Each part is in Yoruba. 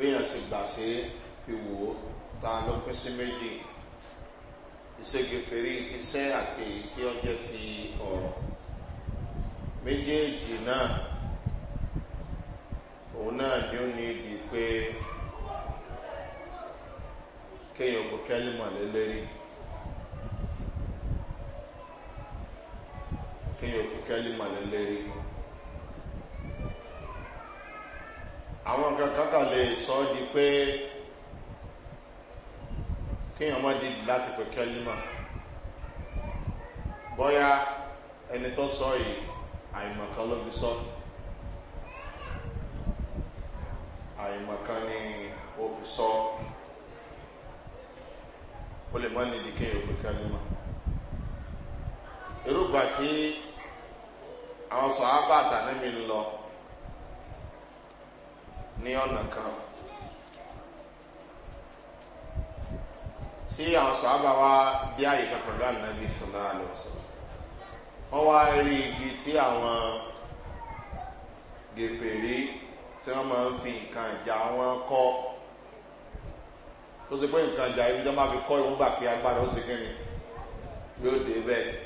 béèyàn ṣe gbà ṣe fi wò ó ta ló pín sí méjì ìṣègbèfèrè ti ṣẹ́ àti èyí tí ó jẹ́ ti ọ̀rọ̀ méjèèjì náà òun náà ni ó ní ìdí pé kéèyàn kò kẹ́lìmọ̀ lélẹ́rí kéèyàn kò kẹ́lìmọ̀ lélẹ́rí. àwọn nǹkan lè sọ di pé kíyàn mọ́ di láti pẹ̀ kẹ́límà bọ́yá ẹni tó sọ yìí àìmọ̀kan ló fi sọ àìmọ̀kan ni ó fi sọ ó lè mọ́ nídìí kíyàn ó pẹ̀ kẹ́límà irúgbà tí lọ ní ọ̀nà kan tí àwọn sọ̀hábà wá bí àyè kan pẹ̀lú ànábì sọ̀lá àlọ́sọ̀ wọ́n wá rí igi tí àwọn gèfèrè tí wọ́n máa ń fi nǹkan ìjà wọn kọ́ tó ṣe pé nǹkan ìjà ibi tó máa fi kọ́ ìwọ́n gbà pé agbára ó ṣe kí ni yóò dé bẹ́ẹ̀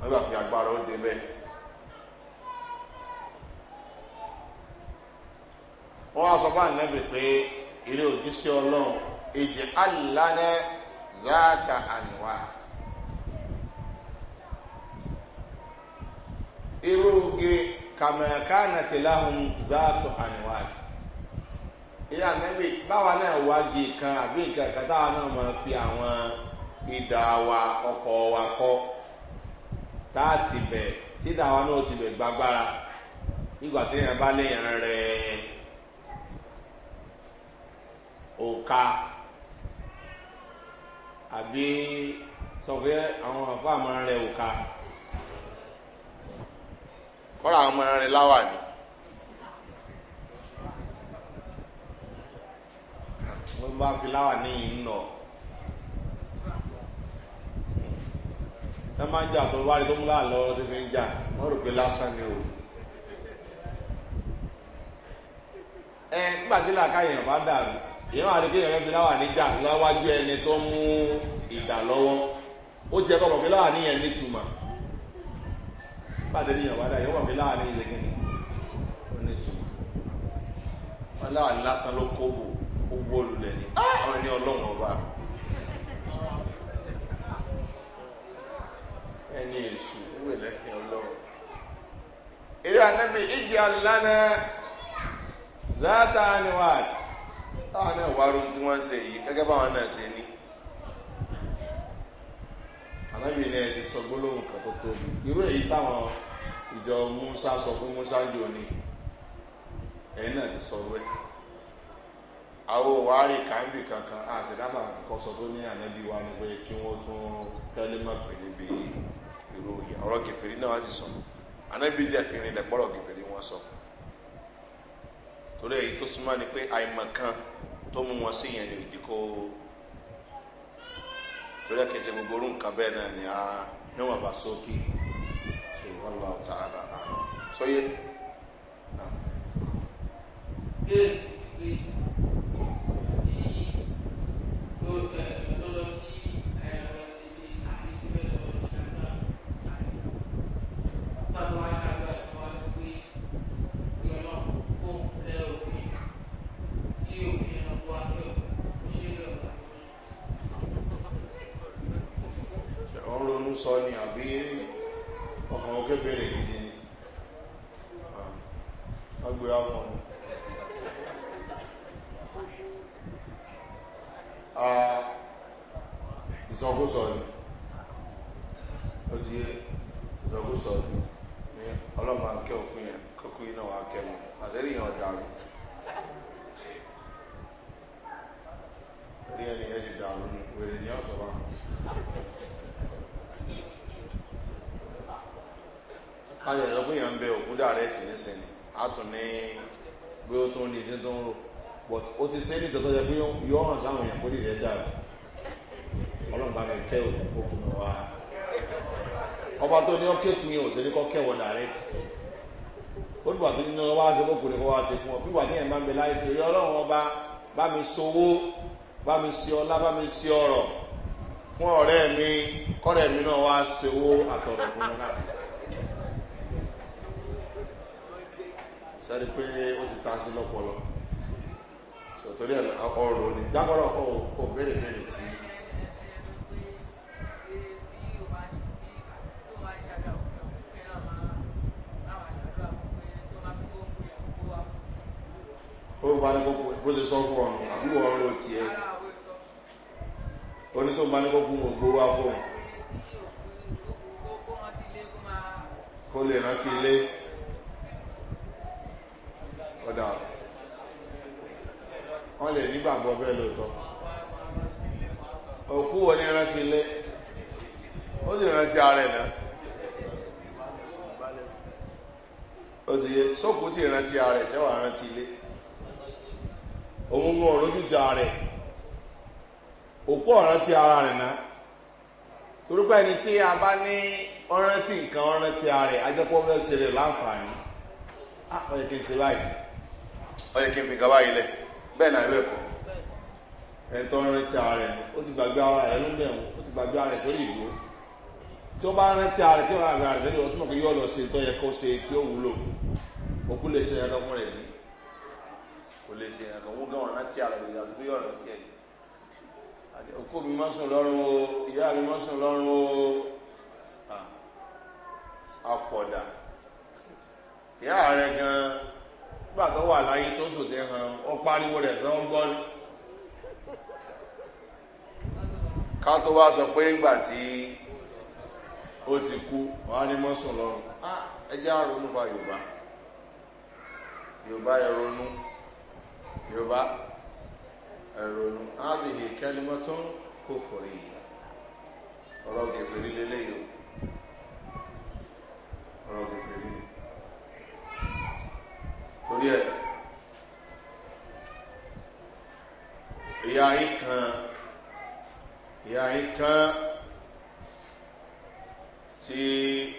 wọ́n gbà pé agbára ó dé bẹ́ẹ̀. wọ́n wá sọ fún ànábì pé ilé òjíṣẹ́ ọlọ́run èjì alìlánẹ́ záàkà àníwá irú oge kàmẹ̀kánà ti láhùn záàtò àníwá ilé ànábì báwa náà wájú kan àbí nǹkan kan táwa náà máa fi àwọn ìdá wa ọkọ̀ wa kọ́ tá bẹ̀ tí ìdá wa náà ti bẹ̀ gbàgbára nígbà tí èèyàn bá léèyàn rẹ̀ ẹ́ òka àbí sọ pé àwọn àfa máa rẹ òka kọ́ra àwọn máa rẹ láwà ni. wọ́n bá fi láwà níyìn ń nọ̀. tá máa ń jà tó wárí tó ń lá lọ́wọ́ tó fi ń jà wọ́n rò pé lásán ni o. ẹ nígbà tí làákàyè bá dàrú ìran àríkè yẹn fi láwà níjà láwájú ẹni tó mú ìdà lọ́wọ́ ó ti ẹ̀kọ́ mọ̀ pé láwà níyẹn nítumọ̀ pàdé níyẹn wádà yóò mọ̀ pé láwà níyẹn lẹ́gẹ̀ ni ó nítumọ̀ wọn láwà ní lásán ló kó bò ó wó lulẹ̀ ni àwọn ẹni ọlọ́run ọba ẹni èṣù wíwẹ̀ lẹ́kẹ̀ ọlọ́run eré anábì ìjì alánà záàtà ni wàá tì táwọn náà wárú tí wọ́n ń se yìí gẹ́gẹ́ báwọn náà se ní anábìnrin ẹ̀ ti sọ gbólóhùn kan tó tóbi irú èyí táwọn ìjọ musa sọ fún musa jò ní ẹ̀yìn náà ti sọ wẹ́ àwọn òwárí kàńbì kankan àṣìdábà kan sọ tó ní ànábì wa ni pé kí wọ́n tún tẹ́lẹ̀ mọ́ pè níbi ìròyìn ọ̀rọ̀ kẹfìrí náà wá sì sọ ànábì dẹ̀ fi rin lẹ̀ pọ̀rọ̀ kẹfìrí wọn sọ. So torí èyí tó súnmọ́ ni pé àìmọ̀kan tó mú wọn sí yẹn ni òjì kó torí ẹ̀kẹ́ ṣe gbogbo orú nǹkan bẹ́ẹ̀ náà ni a níwọ̀n bá sókè so wọ́n lọ tààrà àná sóyè náà. being direct nísìnyí a tún ní bí ó tún ní títún rò but ó ti ṣe ní ìtọ́tọ́ jẹ́ pé yóò hàn sáwọn èèyàn kó dìde dára ọlọ́run bá mi kẹ́ òjò gbogbo wa ọba tó ní ọkẹ́kùn yẹn ò ṣe ní kọ́ kẹ́wọ̀ direct ó dùgbà tó nínú ọba ṣe fókùn ní kó wá ṣe fún ọ bígbà tí ẹ̀ máa ń bẹ láyé pé eré ọlọ́run ọba bá mi sowó bá mi sí ọlá bá mi sí ọrọ̀ fún ọ̀rẹ́ mi kọ́rẹ́ mi náà wá ṣe owó àtọ̀rọ̀ fún mi náà. sẹ́ni pé ó ti ta sí lọ́pọlọ sọ̀tọ́rí ọ̀rọ̀ ní dákọ́rọ̀ ọkọ̀ bèèrè bèèrè tí ó bá ní kókó bó ṣe sọ fún ọ̀nà àbúrò ọ̀rọ̀ tí ẹ oní tó bá ní kókó gbogbo wá fún kó lè rántí ilé ọ̀dà wọ́n lè nígbàgbọ́ bẹ́ẹ̀ lóòótọ́ òkú wọn ní rántí ilé ó sì rántí ara ẹ̀ ó ti yẹ sóòkú tí rántí ara ẹ̀ tẹ́wàá rántí ilé òun gan ọ̀rọ̀jú ti ara ẹ̀ òkú ọ̀rántí ara rẹ̀ náà torúkọ ẹni tí a bá ní ọ̀rántí nǹkan ọ̀rántí ara ẹ̀ ajẹ́pọ̀ fẹ́ ṣe rẹ̀ láǹfààní ọ̀yẹ̀kẹ́ ah, ṣe báyìí ọ yẹ kí n fi gaba ilẹ̀ bẹ́ẹ̀ náà ìwé ẹ̀kọ́ ẹ̀tọ́ rántí ara rẹ̀ ó ti gbàgbé ara rẹ̀ ló bẹ̀rù ó ti gbàgbé ara rẹ̀ sórí ìlú tí ó bá rántí ara rẹ̀ tí ó rà ara rẹ̀ sórí ìlú ọtún yóò lọ ṣe tó yẹ kó ṣe tí ó wúlò fún òkú lè ṣe ẹ̀kọ́ fún rẹ̀ ní kò lè ṣe ẹ̀kọ́ wọ́n gan rántí ara rẹ̀ àti yóò rántí ẹ̀ òkú mi máa sùn lọ́rùn o ìyá mi máa sùn lọ́rùn o àpọ̀dà ìyá rẹ̀ gan-an nígbà tó wà láyé tó sòtẹ́ hàn ó pariwo rẹ̀ fẹ́ ó gbọ́ ní. ká tó wá sọ pé ìgbà tí ó ti kú wàá ní mọ́sùn lọ́rùn ẹ jẹ́ àrònú pa yorùbá yorùbá ẹ ronú yorùbá ẹ ronú ádìhì kẹ́límọ́ tó ń kó fòrí ọ̀rọ̀ gèfèrí lélẹ́yìí ọ̀rọ̀ torí ẹ̀ ìyá yín kan ìyá yín kan tí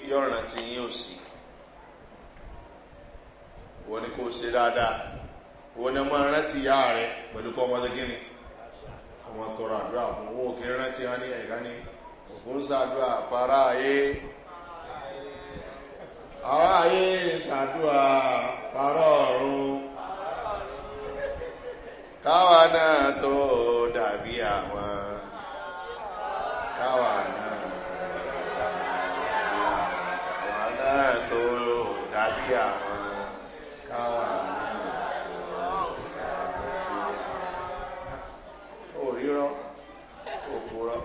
yọ̀ràn tí yín ò sí wọ́n ní kò ṣe dáadáa wọ́n ní máa rántí ìyá rẹ̀ pẹ̀lú kọ́ ọmọdé gíní ọmọ tọrọ àdúrà fún owó kí rántí wọn ní ẹ̀ka ní òfúrúsàdúrà fara ayé. E, àwọn ayé ìṣàdúrà parọ́ ọ̀run káwa náà tó dàbí àwọn káwa náà náà tó dàbí àwọn káwa náà tó dàbí àwọn òrírọ́ òkúrọ́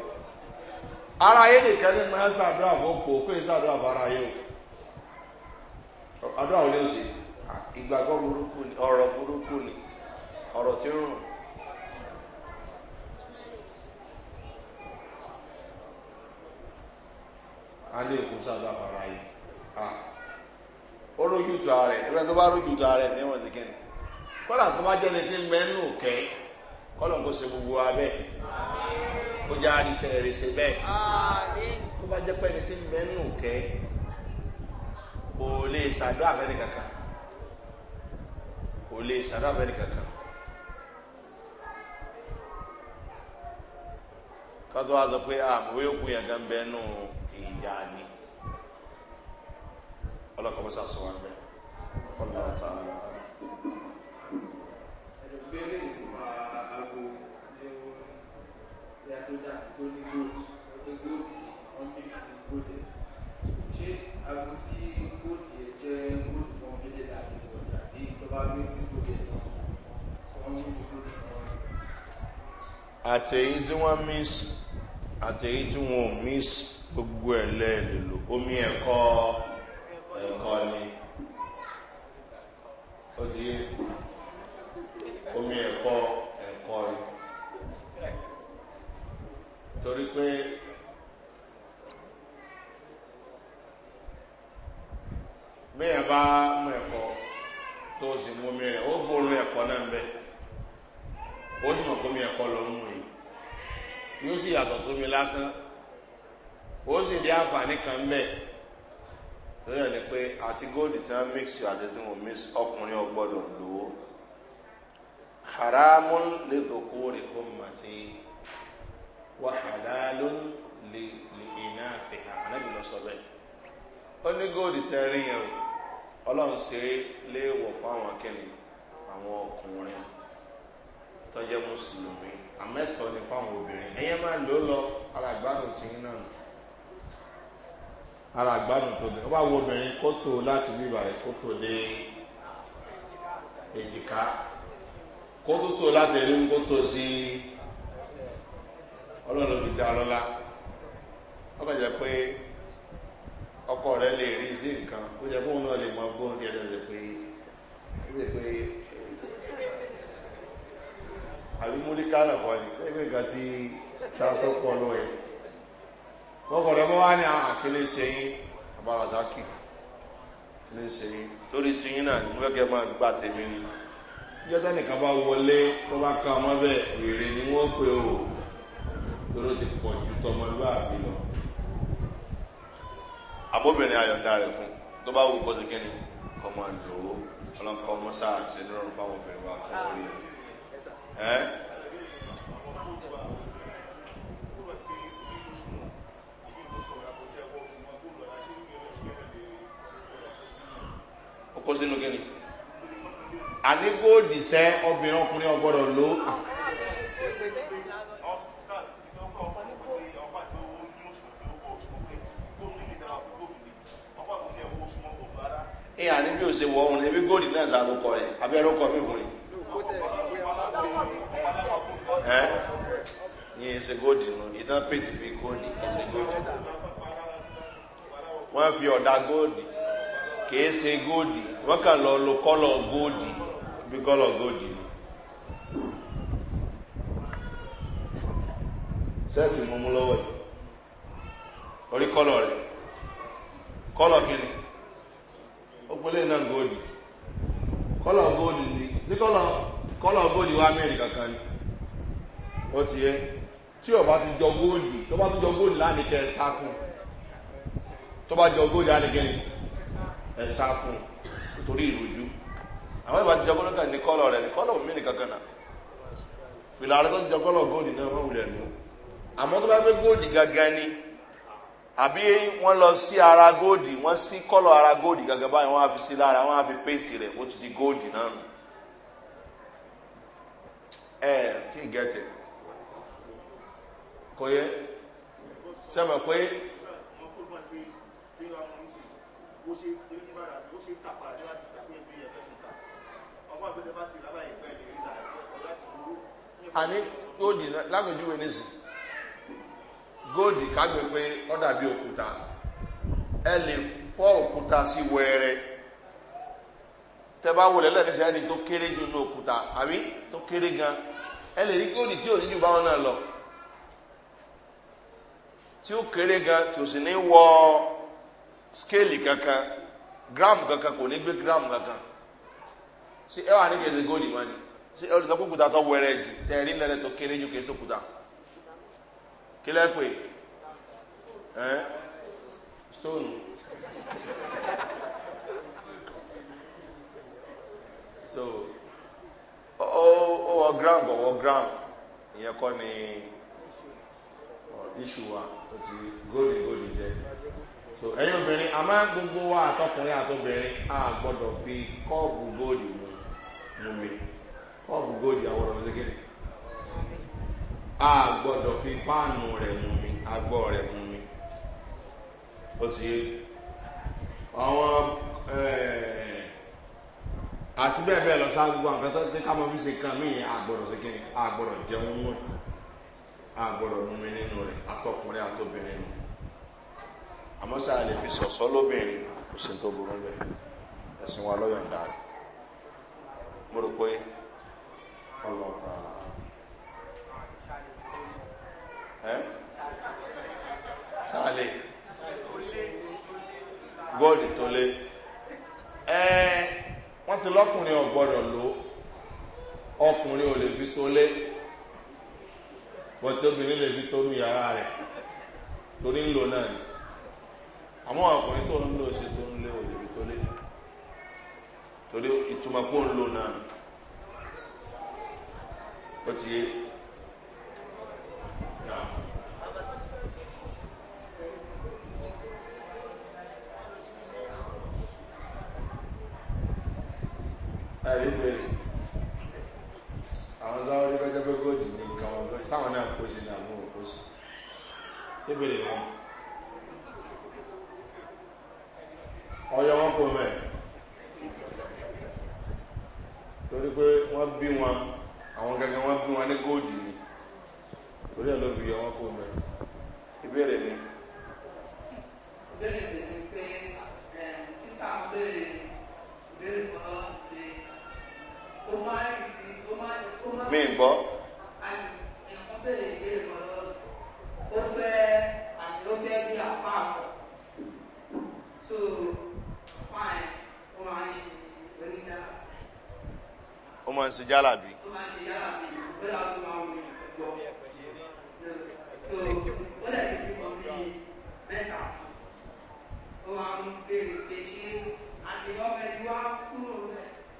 ara ayé nìkan ní máa ń ṣàdúrà fún òkú òkú ìṣàdúrà fún ara ayé òkú. ọdụ olè ó ìgbàgbọ́ burúkú ni ọ̀rọ̀ burúkú ni ọ̀rọ̀ tí ó rùn a ní fara yìí à ah, ó lójú tó ààrẹ ẹgbẹ́ tó bá lójú tó ààrẹ níwọ̀n sí kẹ́ni kọ́là tó bá tí ń gbogbo jẹ́ àdìsẹ́ rẹ̀ ṣe bẹ́ẹ̀ tó bá jẹ́ tí ń mẹ́nu kẹ́ kò lè ṣàdó àfẹ́rí kankan kò lè ṣàdó àfẹ́rí kankan kọ́tọ́ wá sọ pé àmúwé ah, òkú yẹn gan bẹ́ẹ̀ nù ìyá ni ọlọ́kọ̀ mọ́sá sọ wá bẹ́ẹ̀ ọlọ́ ọ̀tá ọlọ́ tó dà tó ní àwọn tí góòlù yẹn jẹ́ góòlù kan méjèèjì àti ìwọ̀dà ní ìjọba ní wọ́n mí sí tí wọ́n mí gbogbo ẹ̀ lẹ́ẹ̀lélò omi ẹ̀kọ́ ẹ̀kọ́ ni ó ti omi ẹ̀kọ́ ẹ̀kọ́ ni torí pé. bá mú ẹ̀kọ́ tó o sì mú omi rẹ̀ ó gbóòórùn ẹ̀kọ́ náà ń bẹ̀ ó sì mọ̀ pé omi ẹ̀kọ́ ló ń mú yìí yóò sì yàtọ̀ sómi lásán ó sì di àǹfààní kan ń bẹ̀ lórí ẹ̀ ni pé àti góòdì tí wọ́n mix you àti tí wọ́n mix ọkùnrin ọgbọ́dọ̀ lò ó haramun lè dòkó kó màtí wà halalun lè iná àfihàn anábìlọ́sọ bẹ́ẹ̀ ó ní góòdì tẹ́rí yẹn o. ọlọ́run ṣe léèwọ̀ fún àwọn akẹ́ni àwọn ọkùnrin tó jẹ́ mùsùlùmí àmẹ́tọ̀ ni fáwọn obìnrin ẹ̀yẹ́ máa lò lọ alàgbádùn ti ń náà alàgbádùn tó bẹ̀rẹ̀ obìnrin kó tó láti bíbà kó tó dé èjìká kó tó tó láti ọkọ rẹ lè rí sí nǹkan ó fóun náà lè mọ gbóhùn rí ẹ̀rọ pé ṣe pé àbí múlíkà náà kọ́ ni ti ta sọ́kọ́ lọ́wọ́ ẹ̀ ọkọ bọ́ wá ní àwọn ah, àkílé ṣe ní lórí tí yín náà nígbà máa gbà tèmi ni nìkan bá wọlé tó bá ọmọ bẹ́ẹ̀ èrè ni wọ́n o. torí ó ti pọ̀ ju àbóbìnrin ayọ̀dá rẹ̀ fún tó bá wù kọ́sí kí ni kọ́ máa lò ó ọlọ́nkọ́ mọ́sá ṣe lọ́rùn fáwọn obìnrin wa kọ́ orí ẹ̀. kó sínú kí ni àní góòdì sẹ́ obìnrin ọkùnrin ọgbọ́dọ̀ lò ó. ìyá ni bí o ṣe wọ ọrùn ebi góòlì náà ṣàlùkọ rẹ abẹ́ rọ́kọ mi fún mi. ẹ ní ẹsẹ góòdì nù ìdán péjì fi góòlì ẹsẹ góòdì wọ́n fi ọ̀dà góòdì kìí ṣe góòdì wọ́n kàn lọ lo kọ́lọ̀ góòdì bí kọ́lọ̀ góòdì ni. sẹ́ẹ̀tì mú yìí orí kọ́lọ̀ rẹ̀ kọ́lọ̀ kí òpólè náà góòdì kọ́lọ̀ góòdì ni sí kọ́lọ̀ góòdì wá mẹ́rin kankan ni ó ti yẹ tí o bá ti jọ góòdì tó bá tún jọ góòdì lánìkẹ́ ẹ̀sá fún tó bá jọ góòdì lánìkẹ́ ẹ̀sá fún torí ìrújú àwọn ìbá ti jọ góòdì kan ní kọ́lọ̀ rẹ̀ ní kọ́lọ̀ mẹ́rin kankan náà fìlà rẹ̀ tó jọ kọ́lọ̀ góòdì náà wọ́n wulẹ̀ nù àmọ́ tó bá gbé góòdì gangan ni àbí wọ́n lọ sí ara góòdì wọ́n sí kọ́lọ̀ ara góòdì gàgà báyìí wọ́n á fi sí lára wọ́n á fi péètì rẹ̀ ó ti di góòdì náà nù ẹ tí ì gẹ́tẹ̀ kò yẹ sẹ́mi pé àní góòdì lágbèjúwe nísìnyí góòdì kágbé pé ó dàbí òkúta ẹ lè fọ́ òkúta sí wẹ́ẹ́rẹ́ tẹ bá wọlé lẹ́nìṣẹ́ ẹni tó kéré ju ní òkúta àbí tó kéré gan ẹ lè rí góòdì tí ò ní ju báwọn náà lọ tí ó kéré gan tí ò sì ní wọ skéèlì kankan gram kankan kò ní gbé gram kankan ṣé ẹ wà ní kẹsì góòdì wọn ni ṣé olùsọkùnkùta tó wẹrẹ jù tẹ̀rí lẹ́lẹ́ tó kéré ju kéré tó kí lẹ́pẹ̀ ẹ́ stone so ó wọ ground kọ̀ wọ ground ìyẹn kọ́ ni iṣu wa ó ti góòlì góòlì jẹ́ so ẹ̀yin obìnrin a máa ń gbogbo wa àtọkùnrin àtọbìnrin a gbọ́dọ̀ fi kọ́ọ̀bù góòlì mu mi kọ́ọ̀bù góòlì àwọn ọ̀rọ̀ ṣe kéde a gbọ́dọ̀ fi páànù rẹ̀ mú mi agbọ́ rẹ̀ mú mi ó ti yé àwọn eh, àti bẹ́ẹ̀ bẹ́ẹ̀ lọ sáà gbogbo àwọn kan tí ká mọ́ fi ṣe kan mí àgbọ̀dọ̀ sí kíni àgbọ̀dọ̀ jẹun mú ẹ̀ àgbọ̀dọ̀ mú mi nínú rẹ̀ atọkùnrin àtọbìnrin nù àmọ́ sáà lè fi sọ̀sọ́ lóbìnrin kò sí tó burú bẹ́ẹ̀ ẹ̀sìn wa lọ́yọ̀ǹda rẹ̀ mo rò pé ọlọ́ọ̀tà Eh? sáàlẹ̀ gọ́ọ̀dì tó lé ẹ́ wọ́n ti lọ́kùnrin ọ̀gbọ́dọ̀ ló ọkùnrin ò lè fi tó lé bọ́tí obìnrin lè fi tóru yàrá rẹ̀ torí ń lò náà ni àmọ́ ọkùnrin tó ń lò ṣe tó ń lé ò lè fi tó lé torí ìtumọ̀ pé ó ń lò náà ni ó ti yé. ẹ̀rí bèrè àwọn záwọ́rí kọjá pé góòdì ní nǹkan wọn lórí sáwọn náà kó sí náà mú òkú sí ṣé wọn ọyọ wọn kò mẹ torí pé wọn bí wọn àwọn gẹgẹ wọn bí wọn ní góòdì ni torí ẹ ló fi yọ wọn kò mẹ ìbéèrè mi. ìbéèrè mi ni pé eh, sísá ń béèrè ìbéèrè kan lọ́wọ́ mi gbọ́. ó fẹ́ àti ó fẹ́ bí àpá àpọ̀ so fine ṣe ṣe àti ọmọ ẹni wá kúrò náà.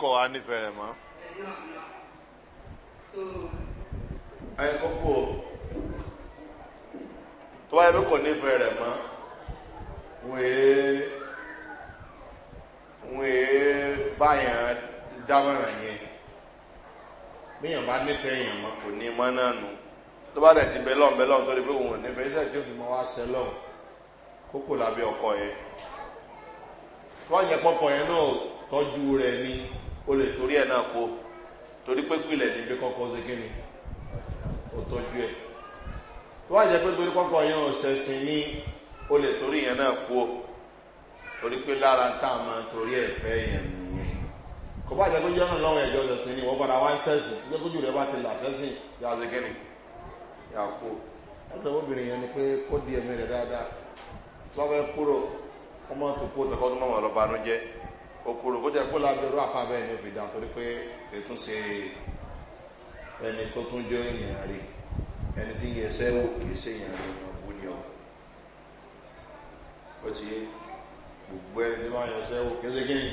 kọ̀ wá nífẹ̀ẹ́ rẹ̀ mọ́. ayé kókó o tó bá yẹ pé kò nífẹ̀ẹ́ rẹ̀ mọ́ wèé wèé báyàn dámọ̀ràn yẹn bíyàn bá nífẹ̀ẹ́ yẹn mọ́ kò ní mọ́ náà nù tó bá dẹ̀ ti bẹ lọ́n bẹ lọ́n tó di pé òun ò nífẹ̀ẹ́ iṣẹ́ tí ó fi mọ́ wá sẹ́ lọ́hùn kókò lábẹ́ ọkọ yẹn wọ́n yẹ pọ́kọ yẹn náà tọ́jú rẹ̀ ni o lè torí ẹ̀ náà kó torí pé pilẹ̀ níbi kọ́kọ́ ṣe kí ni o tọ́jú ẹ̀ tó wá jẹ́ pé torí kọ́kọ́ yẹn ò ṣẹ̀sìn ní o lè torí yẹn náà kó torí pé lára ń tà máa torí ẹ̀ fẹ́ yẹn nìyẹn kò bá jẹ́ pé jọ́nà lọ́wọ́ ẹ̀jọ́ ṣẹ̀sìn ni wọ́n padà wá ń ṣẹ̀sìn tó jẹ́ kójú rẹ̀ bá ti là ṣẹ̀sìn yà ṣe kí ni yà kó ẹ̀sẹ̀ obìnrin yẹn ni pé kó di ẹ̀mí rẹ̀ dáadáa tó wá fẹ́ kúrò ọmọ tó kó tẹ̀kọ́ tó mọ̀ lọ́ba ló jẹ́ kòkòrò kó jẹ́ kó lábẹ́rú àfábẹ́ ní òfin dáhùn torí pé ètò ṣe ẹni tó tún jẹ́ èèyàn rí ẹni tí yẹ sẹ́wò kìí ṣe èèyàn rí èèyàn bú ni ọ ó ti gbogbo ẹni tí máa yẹ sẹ́wò kìí ṣe kíni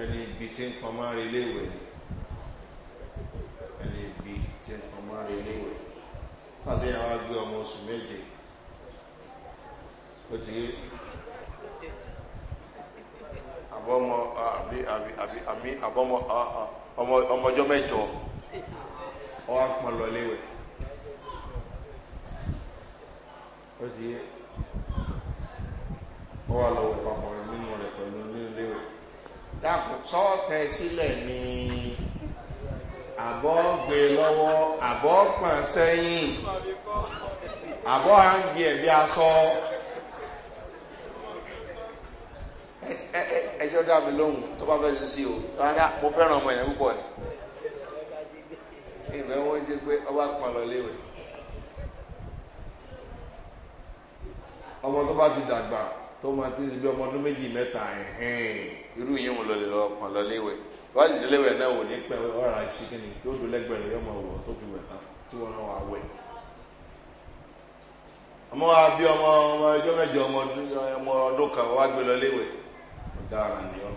ẹni ibi tí ń pọn máa rí iléèwé ni ẹni ibi tí ń pọn máa rí iléèwé láti yàrá gbé ọmọ oṣù méje ó ti àbọ̀mọ abi abi àbí àbí àbọ̀mọ ọmọjọ́ mẹ́jọ ọwọ́ pọ̀lọ léwẹ̀ ó ti yé ọwọ́ lọ́wọ́ papọ̀ nínú rẹ̀ pẹ̀lú nínú léwẹ̀ dákùn sọ́ọ̀tẹ̀ sílẹ̀ ni àbọ̀ gbé lọ́wọ́ àbọ̀ pọ̀n sẹ́yìn àbọ̀ à ń gbé ẹ̀bí aṣọ. ẹjọ́ dá mi lóhùn tó bá fẹ́ sí o rárá mo fẹ́ràn ọmọ yẹn púpọ̀ ni ìbẹ̀ wọ́n jẹ́ pé ọba pàlọ́ léwẹ̀ ọmọ tó bá ti dàgbà tó máa ti ń bí ọmọ ọdún méjì mẹ́ta irú yìí wọn lọlẹ̀ lọ pàlọ́ léwẹ̀ wọ́n sì léwẹ̀ náà wò ní pẹ̀lú ọ̀rá ṣíkìnì yóò dún lẹ́gbẹ̀rún yọmọ wọ̀ tó fi wẹ̀ tán tí wọ́n náà wà wẹ̀ ọmọ wa ọmọ ọmọ ẹjọ́ mẹ́jọ ọmọ ọdún kan wá gbé lọ léwẹ̀ ọ̀daràn ni ọ́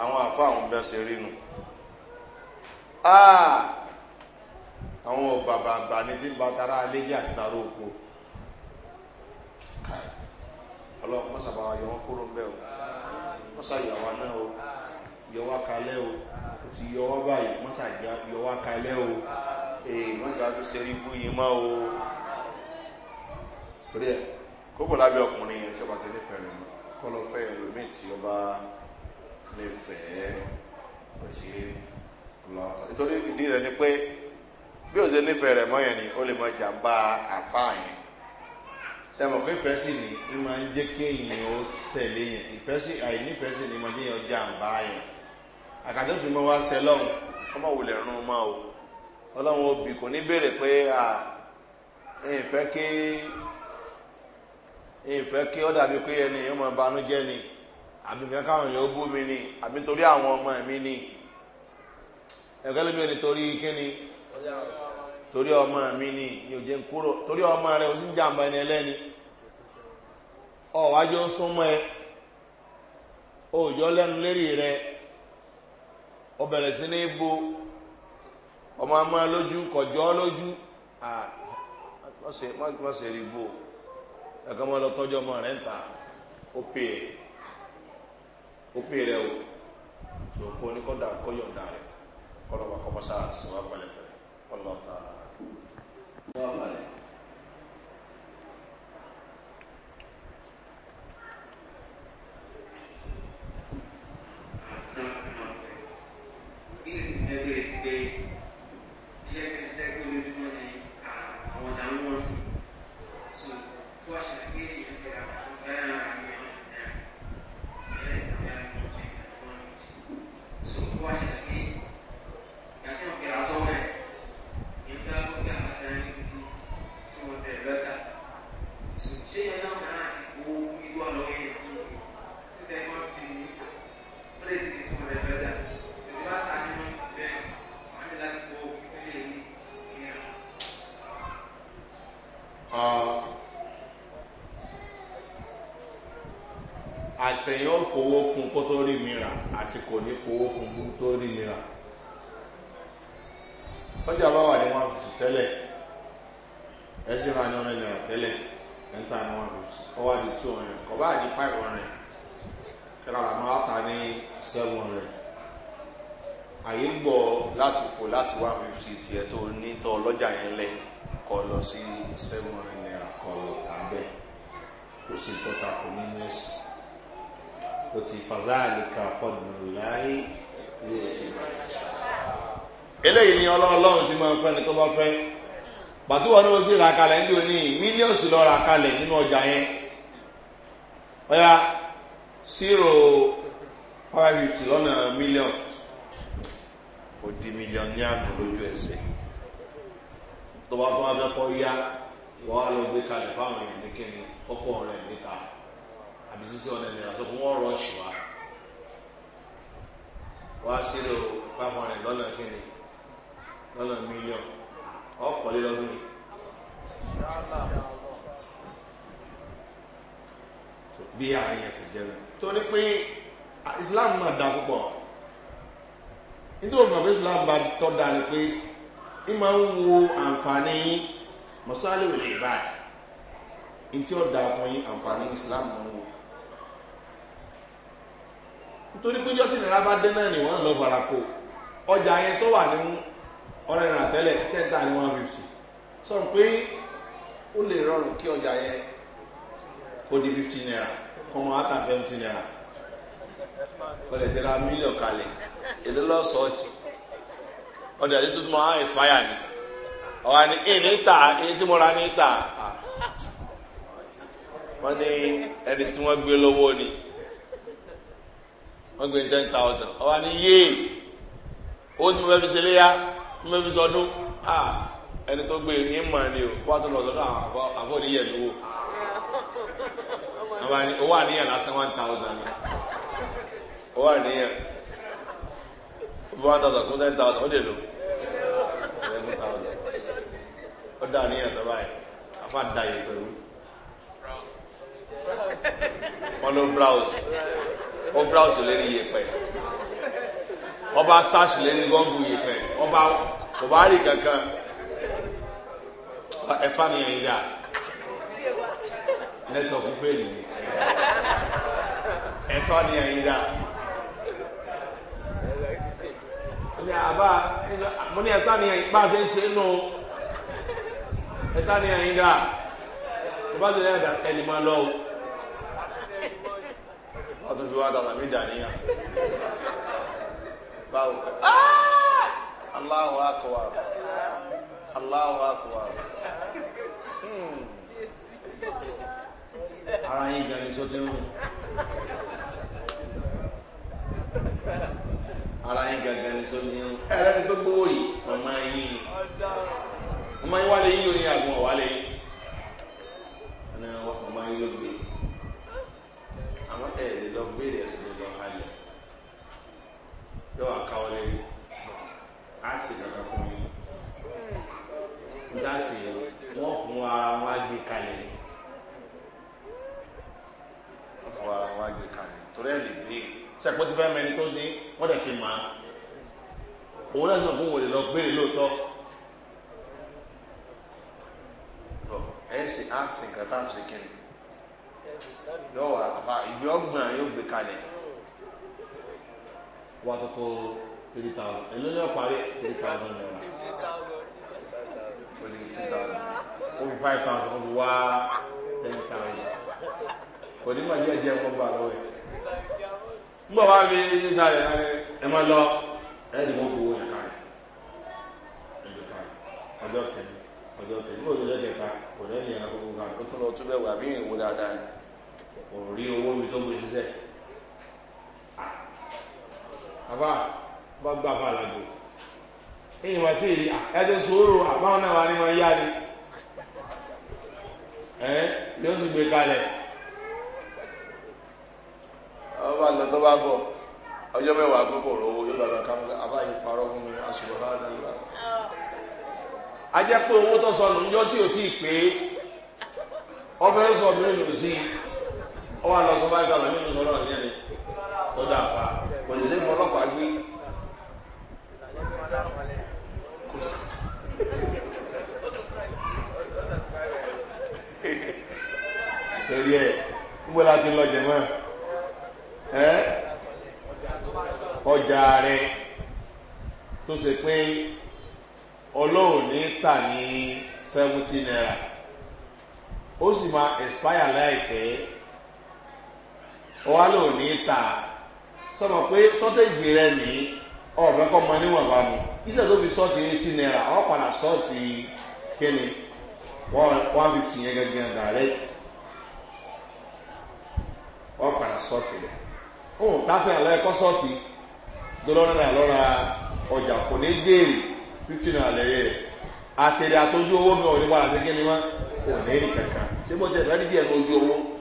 àwọn àfa àwọn bí wọ́n ṣe rí nu àwọn ọ̀bàbàbà ní ti ń ba tara alẹ́jẹ́ àti tara oko ọlọ́run mọ́sà bá wa yọ wọ́n kúrò ń bẹ́ o mọ́sà yọ wa náà o yọ wá kalẹ́ o o ti yọ wá báyìí mọ́sà yọ wá kalẹ́ o èè mọ́jà tó ṣe rí bóyin mọ́ o torí ẹ kókò lábẹ́ ọkùnrin yẹn ṣọba ti nífẹ̀ẹ́ rẹ̀ mọ́. kọlọfẹ́ ẹlòmí tí ó bá nífẹ̀ẹ́ ọtí lọ́tọ̀ nítorí ìdí rẹ ni pé bí o ṣe nífẹ̀ẹ́ rẹ̀ ni o lè mọ jàǹbá àfáà yẹn sẹ́mọ̀ pé ni ní máa ń jẹ́ kéèyàn ó yẹn ni yẹn wá o ọlọ́run obì kò ní béèrè pé à ń ìfẹ́ kí ó dàbí pé ẹni yóò mọ̀ ìbànújẹ́ ni àbí ìfẹ́ káwọn èèyàn ó bú mi ni àbí torí àwọn ọmọ mi ni ẹ̀kọ́ lómi ò torí ni torí ọmọ mi ni ni ò jẹ́ kúrò torí ọmọ rẹ ò sì ń jàǹbá ẹni ẹlẹ́ni ọ̀wájú ń súnmọ́ ẹ òòjọ́ lẹ́nu lérí rẹ ó bẹ̀rẹ̀ sí ní bo ọmọ ọmọ lójú kọjọ́ ẹ̀kan mọ́ lọ tọ́jú ọmọ rẹ̀ ń ta ó pè é ó pè rẹ̀ o tó kó ní kọ́ da kọ́ yọ̀ǹda rẹ̀ kọ́ lọ́wọ́ kọ́ mọ́sá sí wa pẹ̀lẹ́pẹ̀lẹ́ kọ́ lọ́ọ́ ta ara àtẹ̀yìn ó kówó kun kó tó rí mìíràn àti kò ní kówó kun kó tó rí mìíràn tọ́jà bá wà ní one fifty tẹ́lẹ̀ ẹ sì ra ní ọ̀rẹ́ náírà tẹ́lẹ̀ ẹ ń ta ní one fifty ó wà ní two hundred kò bá ní five hundred kíra àmọ́ á ta ní seven hundred àyè gbọ́ láti fò láti one fifty tiẹ̀ tó ní tọ́ lọ́jà yẹn lẹ̀ kọ́ lọ sí seven hundred naira kọ́ lọ tà bẹ́ẹ̀ kò sí tọ́ta kò ní ní ó ti fàzáàlìkà fọdùnláì ní òtún ìgbà eléyìí ni ọlọ́ọ̀lọ́run ti máa ń fẹ́ ni tó bá fẹ́ pàtó wọn ni ó sì ra kalẹ̀ ń dòní mílíọ̀nù lọ ra kalẹ̀ nínú ọjà yẹn ọ̀yà zero five fifty lọ́nà mílíọ̀nù ó di mílíọ̀nù ní àná lójú ẹsẹ̀ tó bá tó wá fẹ́ kọ́ yá wọ́n á lọ gbé kalẹ̀ fáwọn èèyàn ní kíni ọkọ̀ rẹ̀ níta àbí sísè ọ̀nà ìlera sọ pé wọ́n rọ́ọ̀ṣì wá wá sílò five hundred lọ́nà kínní lọ́nà mílíọ̀n ọ̀pọ̀lélọ́dún yìí. bí àárín ẹ̀sìn jẹ́ lọ. torí pé islam náà da púpọ̀ nítorí pé islam bá tọ́ da ni pé ẹ máa ń wo àǹfààní mọ̀sálẹ̀ òlè ntí ọ̀dà fún yín àǹfààní islam náà wò. nítorí pé jọ́ tí nira bá dé náà ni wọ́n lọ fara kó ọjà yẹn tó wà ní ọ̀rẹ́ rà tẹ́lẹ̀ tẹ́ta ní one fifty sọ pé ó lè rọrùn kí ọjà yẹn kó di fifty naira kó mọ ata seventy naira ọ̀rẹ́ ti ra mílíọ̀n kalẹ̀ èlé lọ́sọ̀ọ́tì ọjà yẹn tó tún mọ́ expire ni ọ̀wá ni èyí ní ta èyí tí mo ra ní ta ah. wọ́n ní ẹni tí wọ́n gbé lọ́wọ́ ni. wọ́n gbé ten thousand ọba ní yéè ó ní mo fi ṣe léyà mo fi sọdún ẹni tó gbé ní mọ̀ ni o wọ́n tó lọ sọ́dọ̀ àwọn àbọ̀ níyẹn lówó owó àníyàn lásán one thousand ni owó àníyàn bí one thousand kún ten thousand ó lè lò eleven thousand ó dá àníyàn tó báyìí àfa dá yìí pẹ̀lú wọn ló browse ó browse lérí yèpẹ̀ ọba search lérí gọ́ngù yèpẹ̀ ọba kò bá rí kankan ẹ̀fà ni ẹ̀yìn dà network fẹ́ẹ̀lì ẹ̀fà ni ẹ̀yìn dà ní àbá mo ní ẹ̀fà ni ẹ̀yìn bá a ti ń ṣe nù ẹ̀fà ni ẹ̀yìn dà ìbáṣe ẹ̀yìn dà ẹ̀yìn máa lọ́wọ́ wọ́n tún fi wá tàbí mí dàníyàn báwo aláwọ̀ akọwà aláwọ̀ akọwà ara yín gan ni só ti ń rùn ara yín gan gan ni só ti ń rùn ẹ̀rẹ́ ti tó gbówó yìí ọmọ yín ni ọmọ yín wálé yín lórí àgbọn wálé yín ọmọ yín ló gbé yìí àmọ́ ẹ̀ lè lọ béèrè ẹ̀sìn lọ halẹ̀ yóò wá káwọ́ lérí á sì kankan fún mi nígbà sì wọ́n fún ara wọn á gbé kalẹ̀ ni wọ́n fún ara wọn á gbé kalẹ̀ torí ẹ̀ lè béèrè sẹ́kọ̀ọ́ ti fẹ́ mẹ́ni tó dín wọ́n dẹ̀ ti mọ̀ á òun náà sọ̀rọ̀ kó wòlé lọ béèrè lóòótọ́ ẹ̀ sì á sì nǹkan tá a fi kiri yọwọ àfa ìwé ọgbọ̀n yóò gbé kalẹ̀ wà tó kó three thousand èló yóò parí three thousand naira ó lè two thousand ó fi five thousand ó fi wá ten thousand kò ní mọ̀ díẹ̀ díẹ̀ kó gbà lọ́wọ́ ẹ̀ gbọ́ wá bí níta rẹ̀ ẹ máa lọ ẹ̀ ní wọ́n gbowó yẹn kalẹ̀ ẹ̀jọ̀ kalẹ̀ ọjọ́ kẹ́ni ọjọ́ kẹ́ni ó lè lọ́jọ́ kẹta kò lẹ́yìn ẹ̀rọ gbogbo kalẹ̀ ó tún lọ tún bẹ́ẹ̀ wà bí ìrìnwó dáadáa ni. kò rí owó mi tó mú ṣiṣẹ́ àbá bá gbà bá àlàgbò èyàn wá sí èyí àbáwọn náà wà ní wọn yá ni yóò sì gbé kalẹ̀ lọ tó bá bọ̀ ọjọ́ mẹ́wàá pé kò rówó yóò ka kàmú àbáyé parọ́ fún mi àṣùwọ̀n náà nílá a pé owó tó sọnù ń jọ́ sí òtí pé sọ mí ọ wà lọ sọ five thousand nínú sọlọ ní ẹni sọdọ àpá kò sì sẹ́yìn ọlọ́pàá gbé kò sí. torí ẹ gbogbo láti lọ jẹmọ ẹ ọjà rẹ tó ṣe pé ọlọ́run ní tà ní seventy naira ó sì máa expire láìpẹ́. ọwá lò ní ta sọmọ pé sọtẹ́jì rẹ ní ọ̀rọ̀ kọ́ mọ níwọ̀n bá mu iṣẹ́ tó fi sọ́ọ̀tì eighty naira ọ̀ padà sọ́ọ̀tì kíni one fifty yẹn gẹ́gẹ́ direct ọ̀ padà sọ́ọ̀tì rẹ̀ ọ̀hún tààtì àlọ́ ẹ̀kọ́ na dọ́lọ́rọ́ náà ọjà kò ní jèrè fifty naira lẹ́yẹ rẹ̀ àtẹ̀rẹ̀ owó mi ò ní kò ní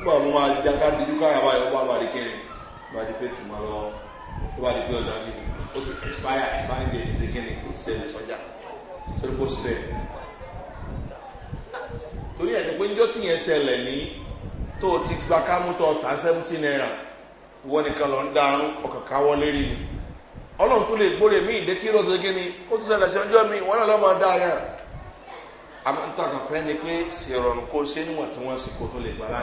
nígbà wọn máa já ká dojú ká yàrá yọ wọn bá di kẹrin bá di fẹẹ tùmọ lọ ó bá di pé ó ti expire expire date kò kò torí ẹ̀ pé njọ́ ti gba kámútọ̀ tá seventy naira nìkan lọ ń darun ọkàn ni ọlọ́run tó lè gbóre mí ìdé kíró tó gé ó mi lọ́ àmọ́ ni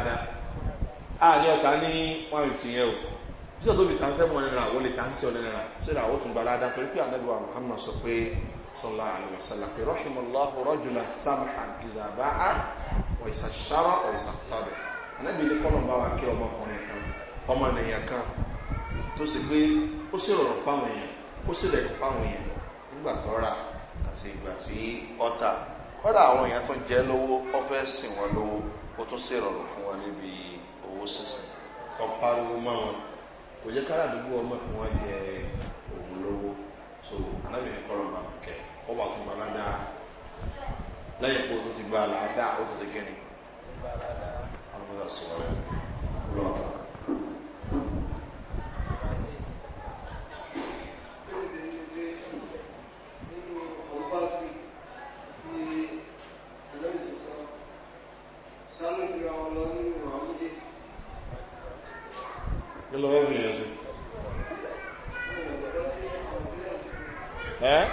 àní ah, ọ̀tá ní one fifty yẹn o bísọ̀ tó fi tán seven hundred naira wọ́n lè tán six hundred naira ṣé ra àwọn tó ń gba aládá torí pé anabi wa muhammad sọ pé sọlá àlùwà sálà pé rahimallahu rajula samaha ìdàbà á wà ìsàṣàrà wà ìsàtàdà anabi ní kọ́nà bá wà kí ọmọkùnrin kan ọmọ kan tó sì pé ó sì rọrùn fáwọn èèyàn ó sì rẹ̀ fáwọn èèyàn nígbà tó rà àti ìgbà tí ọ̀tà kọ́dà àwọn èèyàn tó jẹ́ lówó ọ fẹ́ sìn wọn lówó ó tún sì rọrùn fún wọn níbi sísè ọ̀pariwo mọ́ wọn kò jẹ́ kára àdúgbò ọmọ kí wọ́n jẹ òun lówó so anábìrin kọ́ lọ́ba kẹ ọba tó gba ládàá lẹ́yìn pé o tó ti gba ládàá o tó ti gẹ́ni alùpùpù sọ̀rọ̀ rẹ̀ lọ́wọ́. Thank you kí ló fẹ́ fi yẹn sí ẹ́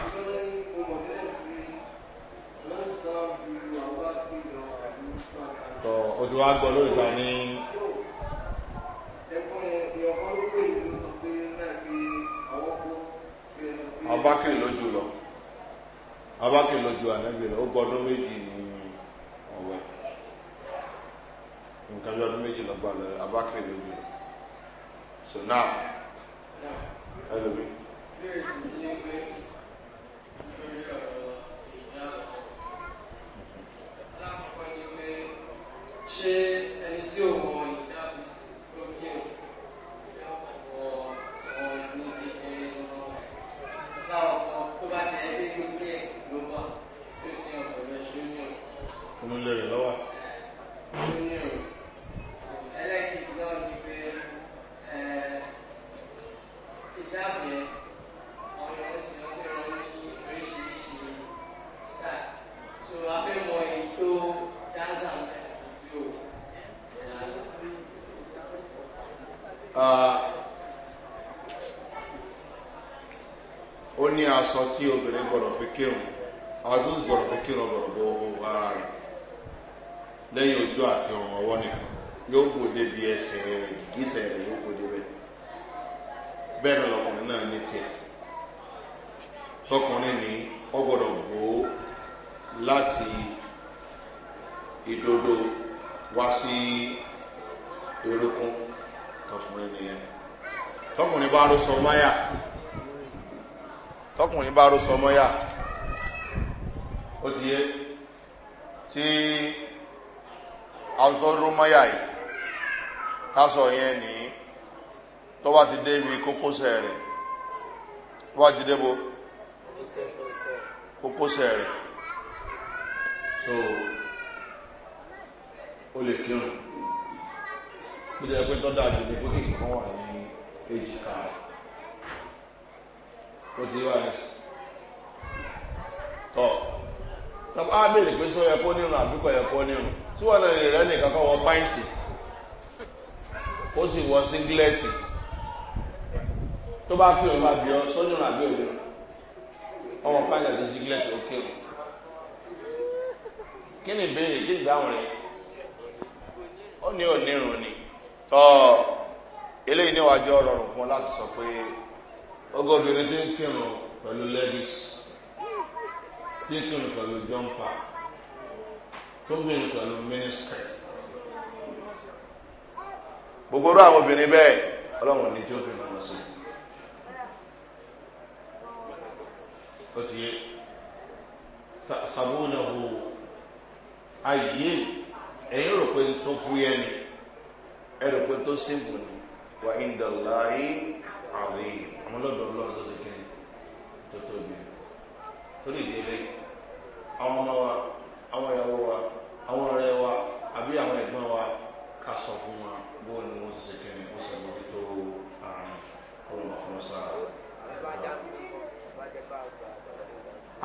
tọ́ o ti wá gbọ́ lórí ta ní abákìrì lójú lọ abákìrì lójú ànábì lọ ó gbọdún méjì ní ọwẹ nǹkan bí ọdún méjì lọ gbà lọ abákìrì So now, Elohim. tọkùnrin bá ró sọmọ yá ó ti yé tí àwọn tó ró mọ́yà yìí tásọ yẹn ní tó bá ti dé ibi kókósẹ̀ rẹ̀ tó bá ti dé bo kókósẹ̀ rẹ̀ so ó lè kírun kó jẹ́ pé tó dáa ní kókè kan wà ní èjìká rẹ̀. ó ti yíwá ní tọ́ tàbá bèèrè pé só ẹkọ́ nírun àbíkọ̀ ẹkọ́ nírun tí wọ́n náà rẹ̀ nìkan kọ́ wọ pàǹtì ó sì wọ síngílẹ̀tì tó bá pè bi bá bí ọ sọ́jú rà bí òun ọmọ pàǹtì àti síngílẹ̀tì ó kéwù kí ni ìbéèrè kí ìdáhùn rẹ̀ ó ní onírun ni fún ọ la sọ pé ọgọ́ obìnrin tí ń kírun pẹ̀lú levis tí ń kírun pẹ̀lú jọ́ǹpà tó ń kírun pẹ̀lú miniskirt gbogbo rú àwọn obìnrin bẹ́ẹ̀ ọlọ́run ní jó fi mọ̀ sí ó ti yé sàbónahu ayé ẹ̀yìn rò pé tó fúyẹ́ ni ẹ rò pé tó sèbù ni wà ń dàláyé àlè yìí àwọn lọ́dọ̀ ọlọ́run tó ṣe kẹ́ni tó tóbi torí ìdílé àwọn ọmọ wa àwọn ìyàwó wa àwọn ọ̀rẹ́ wa àbí àwọn ẹ̀gbọ́n wa ká sọ fún wa bó ni wọ́n ṣe ṣe kẹ́ni ó sì lórí tó àárín ọlọ́run fún ọ̀sà.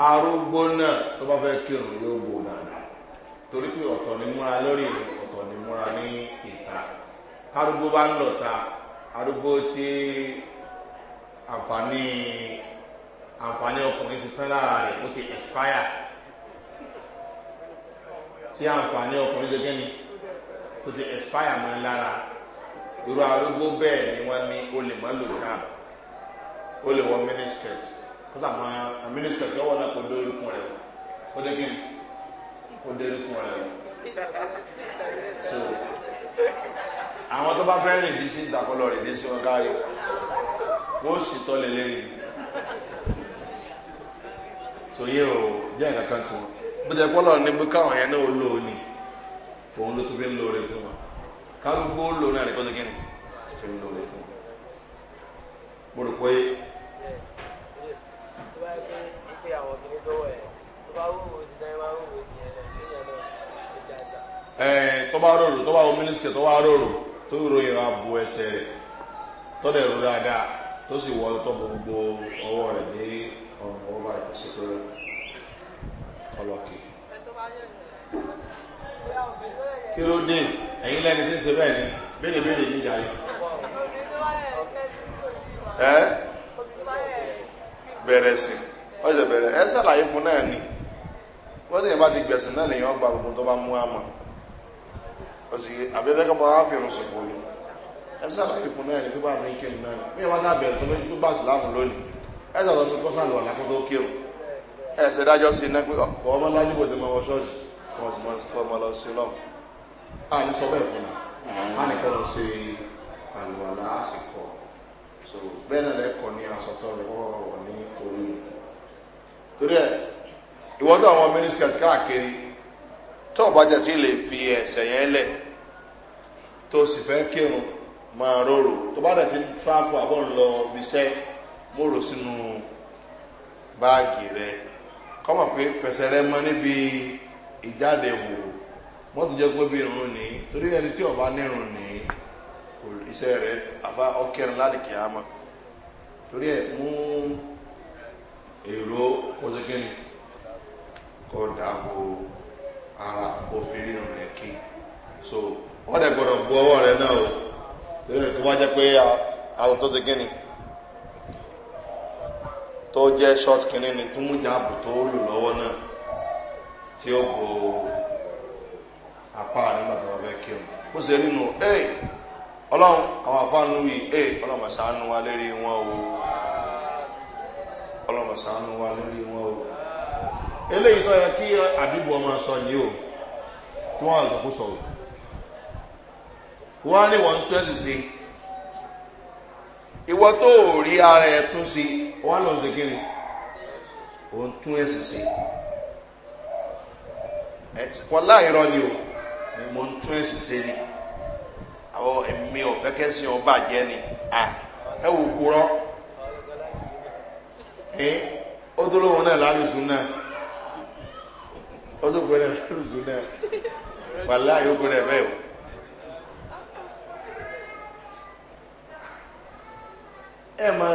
arúgbó náà tó bá fẹ́ kírun yóò bò dáadáa torí pé ọ̀tọ̀ ni múra lórí ọ̀tọ̀ ni múra ní ìta kárúgbó bá ń lọ̀ta arúgbó tí àǹfààní àǹfààní ọkùnrin ti tán lára rẹ̀ ó ti expire tí àǹfààní ọkùnrin gẹ́gẹ́ ni ó ti expire mọ́ lára irú arúgbó bẹ́ẹ̀ ni wọ́n ní o lè má lò jam o lè wọ miniskirt kó tà máa miniskirt yọ wọ́n náà kó dé orúkún rẹ̀ ó dé kí ni kó dé orúkún rẹ̀ so àwọn tó bá fẹ́ rìn dí sí ìdákọ́lọ́ rìn dí sí wọn káàrí wọ́n sì tọ́lẹ̀ lẹ́yìn so yé o jẹ́ nǹkan kan tí wọ́n bó jẹ́ pọ́lọ̀ ní bí káwọn yẹn náà lò ó ní òun ló tún fi ń lò rẹ fún wa kálukú ó lò náà ní kọ́sí kínní tó fi ń lò rẹ fún wa mo rò pé. tó bá yẹ ipe àwọn kìnìún tó wọ̀ ẹ́ tó bá wúwo sí náà máa wúwo sí ẹ̀ tó bá rọrùn tó bá wọ mínísítì tó bá rọrùn tó ròyìn àbò ẹsẹ rẹ tó dẹ̀ rú dáadáa tó sì wọ ọdún tó gbogbo ọwọ́ rẹ̀ ní ọ̀rùn ọba ìkọsíkú ọlọ́kì kí ló dé ẹ̀yìn lẹ́ni tí ń se bẹ́ẹ̀ ni bẹ́ẹ̀ bẹ́ẹ̀ ní ìjà yìí ẹ́ bẹ̀rẹ̀ sí ọjọ́ bẹ̀rẹ̀ ẹ sàlàyé fún náà ni wọ́n tẹ̀yìn bá ti gbẹ̀sìn náà lèyàn gba gbogbo tó bá mú àmà òsì àbẹ́fẹ́ kọ́ bá wá fi irun sùn fún mi ẹ sàlàyé fún náà ní pípa àmì kírun náà bí wọn sá bẹ̀rẹ̀ tó ní pípa sùlámù lónìí ẹ sàlọ́ mi kọ́ sàlọ́ ọ̀la kó tó kírun ẹ ṣe dájọ́ sí iná pé ọ̀pọ̀ ọmọ lájú kò sí mọ́ ṣọ́ọ̀ṣì kọ́ kọ́ so bẹ́ẹ̀ náà lẹ́kọ̀ọ́ ní asọ̀tọ̀ ìwọ́ ní orí torí ẹ̀ ìwọ́dọ̀ àwọn mínísítẹ̀tì káàkiri tó ọ̀bájẹ̀ tí lè fi ẹ̀sẹ̀ yẹn lẹ̀ tó sì fẹ́ kírun máa rọrò tó bá ti tíráàpù àbọ̀ ń lọ ibiṣẹ́ mòrò sínú báàgì rẹ kọ́mọ̀ pé fẹsẹ̀ rẹ mọ́ níbi ìjáde wò mọ́tò jẹ́ pé bí irun ní torí ẹni tí ọba nírun ní iṣẹ́ rẹ àfa ọkẹrin láti kìá mọ́ torí ẹ mú èrò ara kò fi rẹ so wọ́n dẹ̀ gbọ́dọ̀ bu ọwọ́ rẹ torí ẹ̀ tó bá jẹ́ pé àwọn tó ṣe kíni tó jẹ́ short kíní ni tó mú jáàbù tó lù lọ́wọ́ náà tí ó bo apá nígbà tó wọ́n fẹ́ kí o ó ṣe nínú ẹ̀ ọlọ́run àwọn àfáànú yìí ẹ̀ ọlọ́mọ sàánú wa lérí wọn o ọlọ́mọ sàánú wa lérí wọn o eléyìí tó yẹ kí àdúgbò ọmọ sọ yìí o tí wọ́n àzọkú sọ̀rọ̀ wọ́n á ní tún sí ìwọ tó rí ara tún sí wọ́n lọ sí kí ni tún sí ni o ni mo ń tún ẹ̀sìn sí ni àwọn èmi ọ̀fẹ́ ọba jẹ́ ni à ẹ wò kúrọ́ ẹ wọn náà lálùsùn náà ó dúró wọn náà náà wàlá yóò gbé ẹ mọ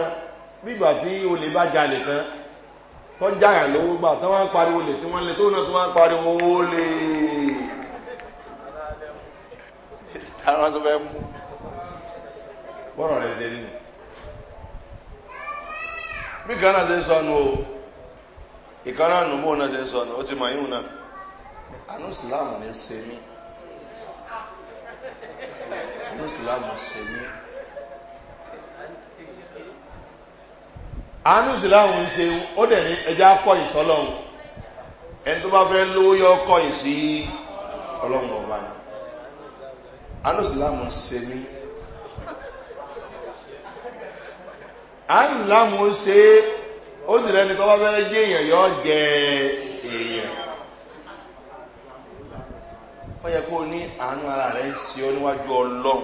bígbà tí olè bá jalè tán tó jáyà lówó gbà tó wá ń pariwo lè tí wọ́n lè tó náà tó wá ń pariwo olè àwọn tó fẹ́ mú bọ́rọ̀ rẹ̀ ṣe nínú bí kan náà ṣe ń sọnù o ìkan náà nù náà ṣe ń sọnù ó ti mọ̀ yíhun náà àánú ìsìláàmù ní ṣe àánú ìsìláàmù ṣe àánú sì láwọn ń ṣe ó dẹ̀ ní ẹja kọ̀yìn sọ́lọ́hún ẹni tó bá fẹ́ lówó yọ kọ̀yìn sí ọlọ́run ọba ni àánú sì láwọn ń ṣe mí àánú láwọn ń ṣe ó sì lẹ́ni tó bá fẹ́ jẹ́ èèyàn yọ jẹ èèyàn ó yẹ kó o ní àánú ara rẹ̀ ń ṣe ọ níwájú ọlọ́run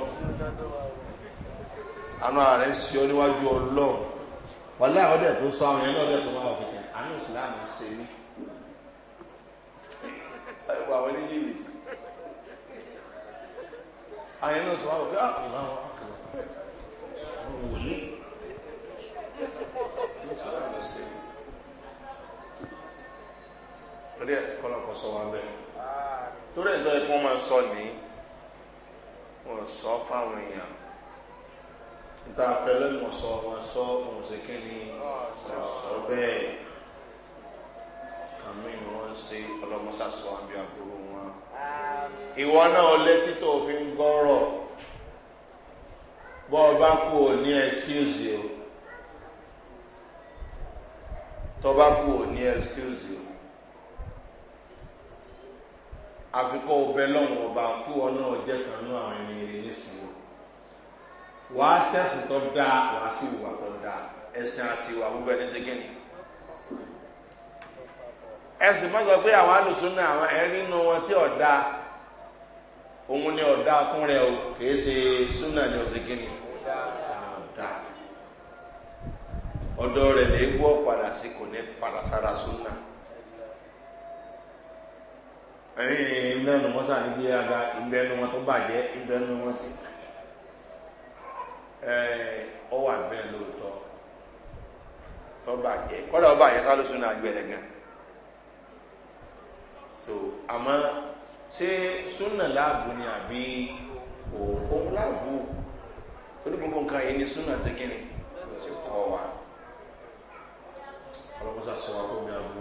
àánú ara rẹ̀ ń ṣe ọ níwájú ọlọ́run wọlé àwọn ọdẹ tó sọ àwọn yẹn lọdẹ tó wà wọ kékeré àánú ìsìlámù ṣe mí ẹwà àwọn eléyìí rè sí àwọn yẹn náà tó wà ah, wọ kékeré àwọn àwọn akọrọ àwọn wòlé àánú ìsìlámù ṣe mí torí ẹ kọlọ kọ sọ wa bẹẹ torí ẹ lọ ẹ kó máa sọ ní wọn sọ fáwọn èèyàn níta fẹ́ lẹ́nu ọ̀sọ́ wọn sọ ni sọ bẹ́ẹ̀ kàmí ni wọ́n ń ṣe ọlọ́mọṣàṣọ àbí àbúrò wọn. ìwọ náà létí tó fi ń gbọ́rọ̀ bọ́ ọ bá kú ò ní ẹ́skíùsì o tọ́ kú ò ní ẹ́skíùsì o àfikọ́ ọbẹ̀ lọ́wọ́ ọba kú ọ náà jẹ́ kan àwọn ènìyàn nísìnyí wàá sẹ́sìn tó dáa wàá sí ìwà tó dáa ẹ̀sìn àti ìwà wúbẹ́ ní ṣẹ́gẹ́nì ẹ̀sìn má sọ pé àwọn alùsùn náà àwọn ẹ̀rí nínú wọn tí ọ̀dà òun ni ọ̀dà fún rẹ o kìí ṣe súnà ní ọ̀sẹ̀ gíní ọ̀dà ọ̀dọ́ rẹ̀ lè gbọ́ padà sí kò ní padà sára súnà ẹ̀yìn ìmúlẹ̀nu mọ́sá níbi àga ìgbẹ́nu wọn tó bàjẹ́ ìgbẹ́nu wọn ti. ọ abẹ bẹ́ẹ̀ lóòótọ́ tọ́ba jẹ́ kọ́dà ọba yẹn ló so àmọ́ ṣé súnà láàbù ni àbí òun láàbù torí gbogbo nǹkan yìí ni súnà ti kíni ni ti kọ́ wa ọlọ́mọsá wa kó mi àbú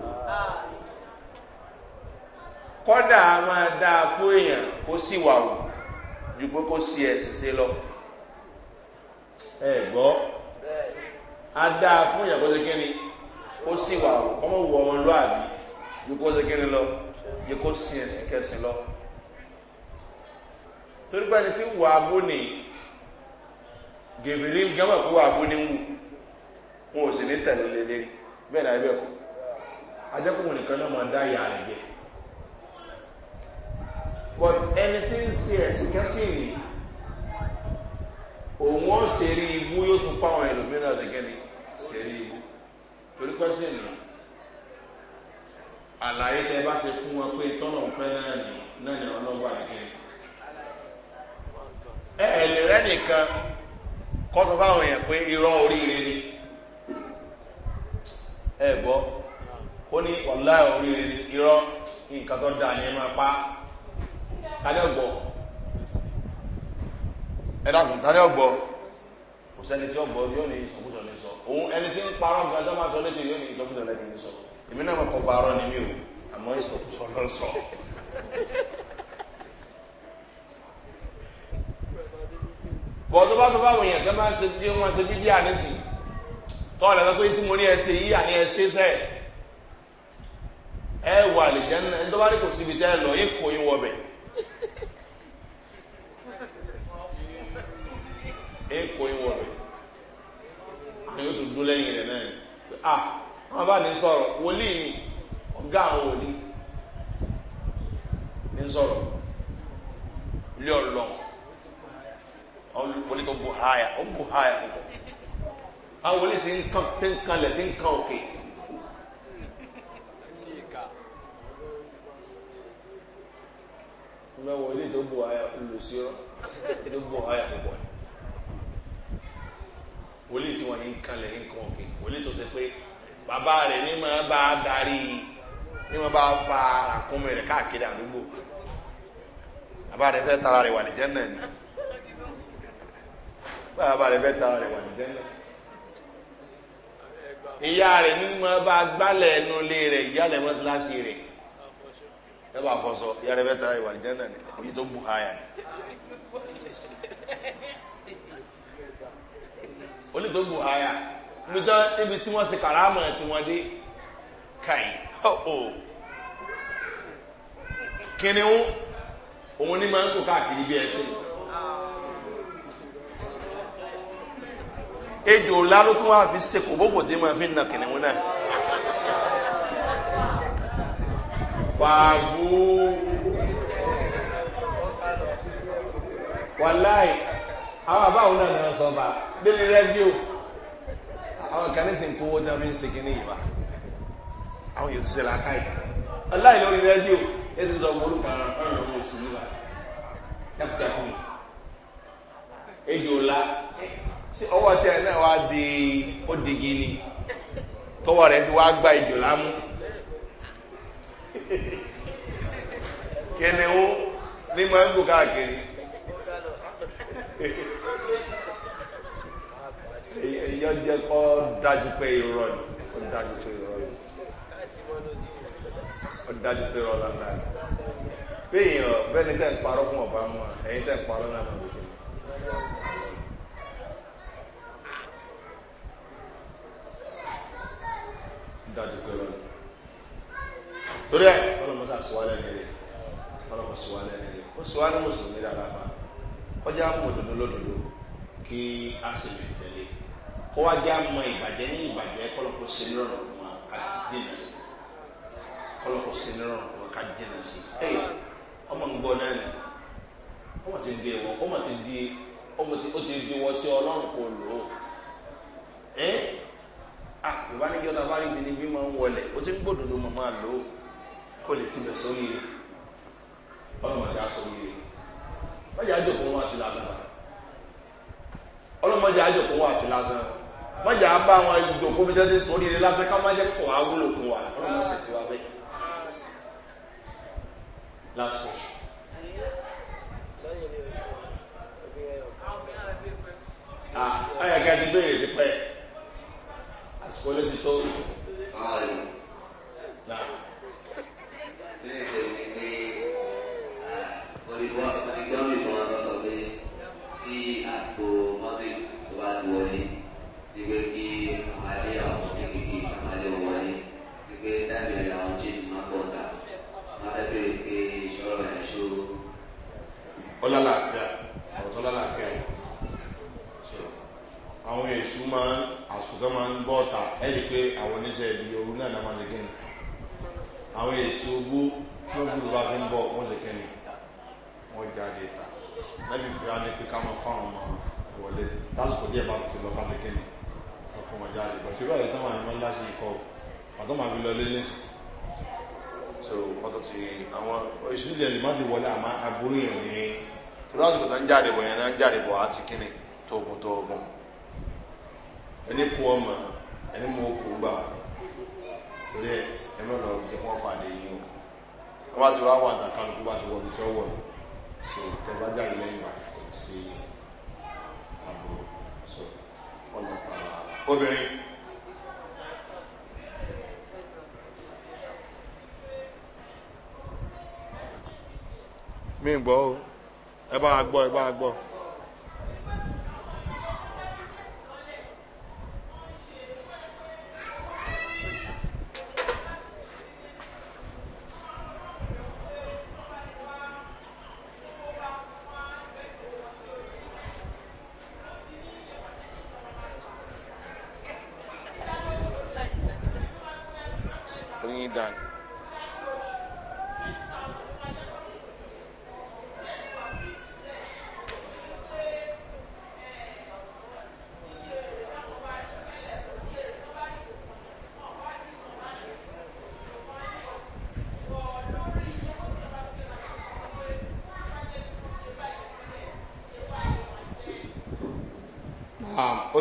máa dáa fún èèyàn kó sì wà wù ju pé kó ẹ Ada fún ìyàgbọ́ sẹ́kẹ́ni ó sì wà ọmọ wù ọmọ lóàbí yìí kó lọ yìí kó sí ẹ̀sìn lọ torí pé ẹni tí ń wà abó ni gèbèrè ń gẹ́mọ̀ pé wà abó ni wù wọn ò sì ní tẹ̀lé lélẹ́rí bẹ́ẹ̀ náà ẹgbẹ́ kọ́ ajẹ́kùnkùn nìkan náà máa dá but ẹni tí ń se ẹ̀sìn òun ó ṣe rí ibú yóò tún pa àwọn ẹlòmíràn ṣẹkẹni ṣe rí ibú torí pé sì ní àlàyé tẹ bá ṣe fún wọn pé tọ́nà ń fẹ́ náà ní náà ní ọlọ́gbà nìkiri ẹ ẹ̀lẹ́ rẹ nìkan kọ́ sọ fáwọn èèyàn pé irọ́ oríire ni ẹ gbọ́ kó ní ọ̀la oríire ni irọ́ nǹkan tó dáa ni ẹ máa pa á kálẹ̀ ọ̀gbọ́n ẹ̀dàkùn tàrí ọgbọ́ kò sẹ́ni tí ọgbọ́ yóò ní ìsọkúsọ lè sọ òun ẹni tí ń parọ́ nǹkan tó máa sọ létí yóò ní ìsọkúsọ lè ní sọ èmi náà kọ parọ́ ni mí o àmọ́ ìsọkúsọ lọ sọ bọ̀ tó bá sọ fáwọn èèyàn tó máa ń ṣe bí wọ́n ṣe bíbí àníṣì tọ́ọ̀lẹ̀ sọ pé tí mo ní ẹsẹ̀ yí àní ẹsẹ̀ sẹ́ ẹ wà lè jẹ́ ẹni tó bá rí kò síbi tẹ́ lọ yín kò yín wọbẹ̀ ń kó yín wọ̀ rẹ̀ àwọn yóò tún dún lẹ́yìn rẹ̀ náà pé à wọn bá ní sọ̀rọ̀ wòlíì ni ọ̀gá àwọn wòlíì ní sọ̀rọ̀ ilé ọ̀lọ́ wòlíì tó bu háyà ó bu háyà púpọ̀ àwọn wòlíì ti ń kàn ti ń kanlẹ̀ ti ń kan òkè. mẹ́wọ̀n tó bu háyà olùsíró tó bu háyà púpọ̀ wòlíì tí wọ́n yìí ń kalẹ̀ yìí ń kan òkè wòlíì tó ṣe pé bàbá rẹ̀ ní máa bá darí ní máa bá fa àkúnmí rẹ̀ káàkiri àdúgbò bàbá rẹ̀ fẹ́ tara rẹ̀ wà ní jẹ́nà ni bàbá rẹ̀ fẹ́ tara rẹ̀ wà ní jẹ́nà ìyá rẹ̀ ní máa bá gbálẹ̀ ẹnu ilé rẹ̀ ìyá rẹ̀ mọ́ síláṣí rẹ̀ ẹ bá fọ sọ ìyá rẹ̀ fẹ́ tara rẹ̀ wà ní jẹ́nà ni òye tó bu háyà ni olùtò buhaya níbi tí wọ́n ṣe kàrámà tí wọ́n dé kàì ọ̀ọ́ kìnìún òun ní máa ń kó káàkiri bí ẹsẹ̀ ejò lálùkún àfi ṣe kò bókò tí máa fi nà kìnìún náà fàágù wàláì àwọn àbáwọn náà ní wọn sọ báà. délé rẹ́díò àwọn kan ń kówó tí ń se ní ìbá àwọn yóò ti ṣe làákàyè aláì lórí rẹ́díò ẹ ti sọ gbórúkọ àwọn ọ̀rọ̀ ọ̀rọ̀ òsì nígbà ọwọ́ tí ẹ náà wá gba yọ jẹ́ kọ́ dájú pé irọ́ ni ó dájú pé irọ́ ni ó dájú pé irọ́ lánàá ni pé èèyàn bẹ́ni tẹ́ ń parọ́ fún ọba mọ́ ẹ̀yin tẹ́ ń parọ́ náà mọ̀ ni. ni torí ẹ ọlọmọsá sùwálẹ̀ nílé ọlọmọ sùwálẹ̀ nílé ó sùwálẹ̀ mùsùlùmí dáadáa fa kọjá mọ̀ kí a sì lè tẹ̀lé kó wá jẹ́ àmọ́ ìbàjẹ́ ní ìbàjẹ́ kọ́lọ́kọ́ sí ní rọrùn fún wa ká dínà sí kọ́lọ́kọ́ sí ní rọrùn fún wa ká dínà sí. ẹ ọmọ ń gbọ́ náà ni ọmọ ti di ẹ̀wọ̀n ọmọ ti di ọmọ ti ó ti di wọ́n sí ọlọ́run kò lò ó. ẹ à yorùbá ní kíọ́ta bá rí ibi níbí máa ń wọlé ó ti ń gbòdòdó mọ̀ máa lò ó kó lè tibẹ̀ sórí rẹ̀ ọlọ́mọdé á sórí ọlọ́mọdé á jòkó àti lásán mọ́jà bá wọn ìjòkó bí tẹ́tí sórí ilé lásán ká má jẹ́ pọ̀ àwúlò fún wa ọlọ́run sì ti wá bẹ́ẹ̀. last question. Ah, ayàká ti béèrè ti pẹ́ àsìkò lè ti tó. Olùgbọ́n mi kan sọ pé tí àsìkò mọ́tò ìwà ti wọlé. ọlálàáfíà ọ̀tọ́ lálàáfíà yìí àwọn èṣù máa ń àsìkòtọ́ máa ń bọ́ ọ̀ta ẹ́rì pé àwọn oníṣẹ́ ibi ooru náà náà máa ń gẹ́nu àwọn èṣù ogbó tí wọ́n gbúdọ̀ bá fi ń bọ̀ wọ́n ṣe kẹ́ni wọ́n jáde ta lẹ́bi fi á ní pé ká máa fáwọn ọmọ wọlé lásìkò díẹ̀ bá ti lọ fásitì kẹ́ni ọkọ̀ wọn jáde bọ̀ ṣùgbọ́n ìtàn wà ní mọ́ńlá sí ikọ̀ ọ̀tọ́ máa fi lọ lé lẹ́sìn so ọ̀tọ̀ ti àwọn ìṣúlẹ̀ lè má fi wọlé àmọ́ aburú yẹn ní torí àsìkò tó ń jáde bọ̀ yẹn náà ń jáde bọ̀ àti kíni tóògùn tóògùn ẹni kú ọmọ ẹni mú okù gbà torí ẹ ẹ mọ̀ lọ jẹ́ wọ́n pàdé yìí o wọ́n bá ti wá wà àtàkà lóko bá ti wọ̀ bí wọ̀ so tẹ bá jáde lẹ́yìn wa sí aburú so ọlọ́pàá obìnrin. mi gbọ́ o ẹ bá a gbọ́ ẹ bá a gbọ́. Bring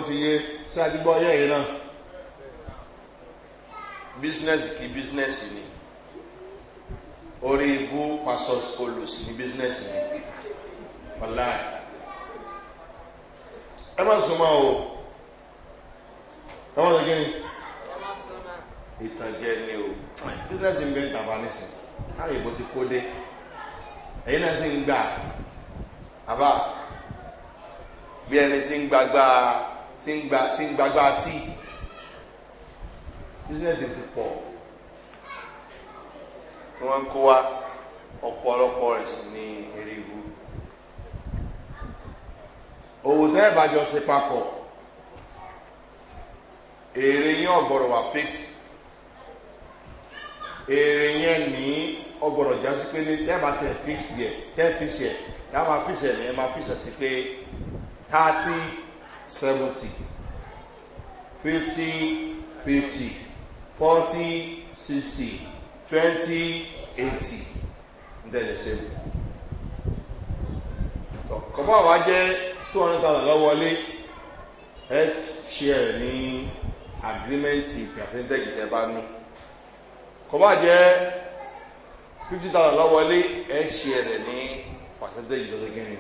ti yé sí àti gbọ́ yẹ́ yìí náà bísínẹ́sì kí bísínẹ́sì ni orí ibú fasos olùsí ní bísínẹ́sì ni ọ̀la ẹ má sọ máa o ẹ má sọ kí ni ìtànjẹ ni o bísínẹ́sì ń bẹ ń tàbá nísìn láyé ìbò ti kó dé ẹ̀yìn náà sì ń gbà àbá bí ẹni tí ń gbagbá tí ń gba tí ń ti pọ̀ tí wọ́n ń kó wa ọ̀pọ̀lọpọ̀ rẹ̀ sí ní eré ihu òwò tẹ́ ìbàjọ́ ṣe papọ̀ èrè yẹn wà fixed èrè yẹn ní ọ̀gbọ̀rọ̀ já sí pé ní tẹ́ fixed yẹ fixed yẹ tẹ́ẹ̀ máa fixed yẹ ní ẹ thirty seventy fifty fifty forty sixty twenty eighty Then ntẹ̀lé sẹ́mu kọ̀bá wa jẹ́ two hundred thousand lọ́wọ́lé health share ní agreement percentage tẹ́ bá ní kọ̀bá jẹ́ fifty thousand lọ́wọ́lé health share ní percentage tó tó kéré